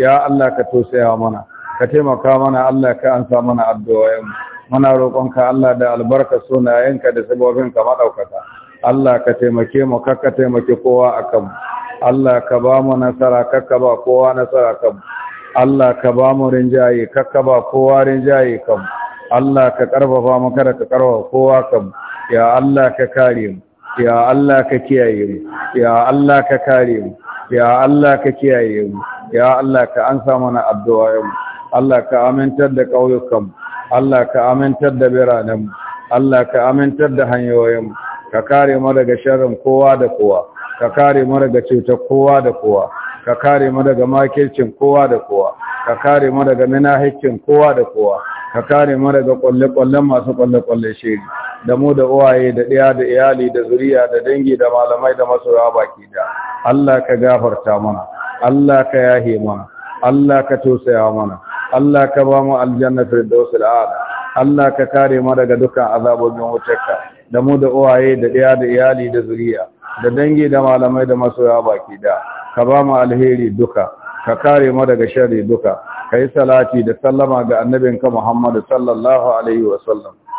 A: ya Allah ka tosaya mana ka taimaka mana Allah ka ansa mana addu'o'in muna roƙonka Allah da albarka sunayenka da sabobinka madaukaka Allah ka taimake mu ka taimake kowa akan Allah ka ba mu nasara ka ba kowa nasara kan Allah ka ba mu rinjaye ka ba kowa rinjaye kan Allah ka karfafa mu kada ka karfafa kowa kan ya Allah ka kare mu ya Allah ka kiyaye mu ya Allah ka kare mu ya Allah ka kiyaye mu ya Allah ka ansa mana addu'a mu Allah ka amintar da ƙauyukan Allah ka amintar da biranen Allah ka amintar da hanyoyin ka kare mu daga sharrin kowa da kowa ka kare mu daga cutar kowa da kowa ka kare mu daga makircin kowa da kowa ka kare mu daga minahicin kowa da kowa ka kare mu daga kwalle-kwallen masu kwalle-kwalle shiri da mu da uwaye da ɗaya da iyali da zuriya da dangi da malamai da masoya baki da Allah ka gafarta mana Allah ka yahe mana Allah ka tosaya mana Allah ka ba mu aljanna firdausul a'la Allah ka kare mu daga dukkan azabobin wutarka da mu da uwaye da ɗaya da iyali da zuriya da dangi da malamai da masoya baki da ka ba mu alheri duka ka kare mu daga sharri duka kai salati da sallama ga annabinka Muhammad sallallahu alaihi sallam.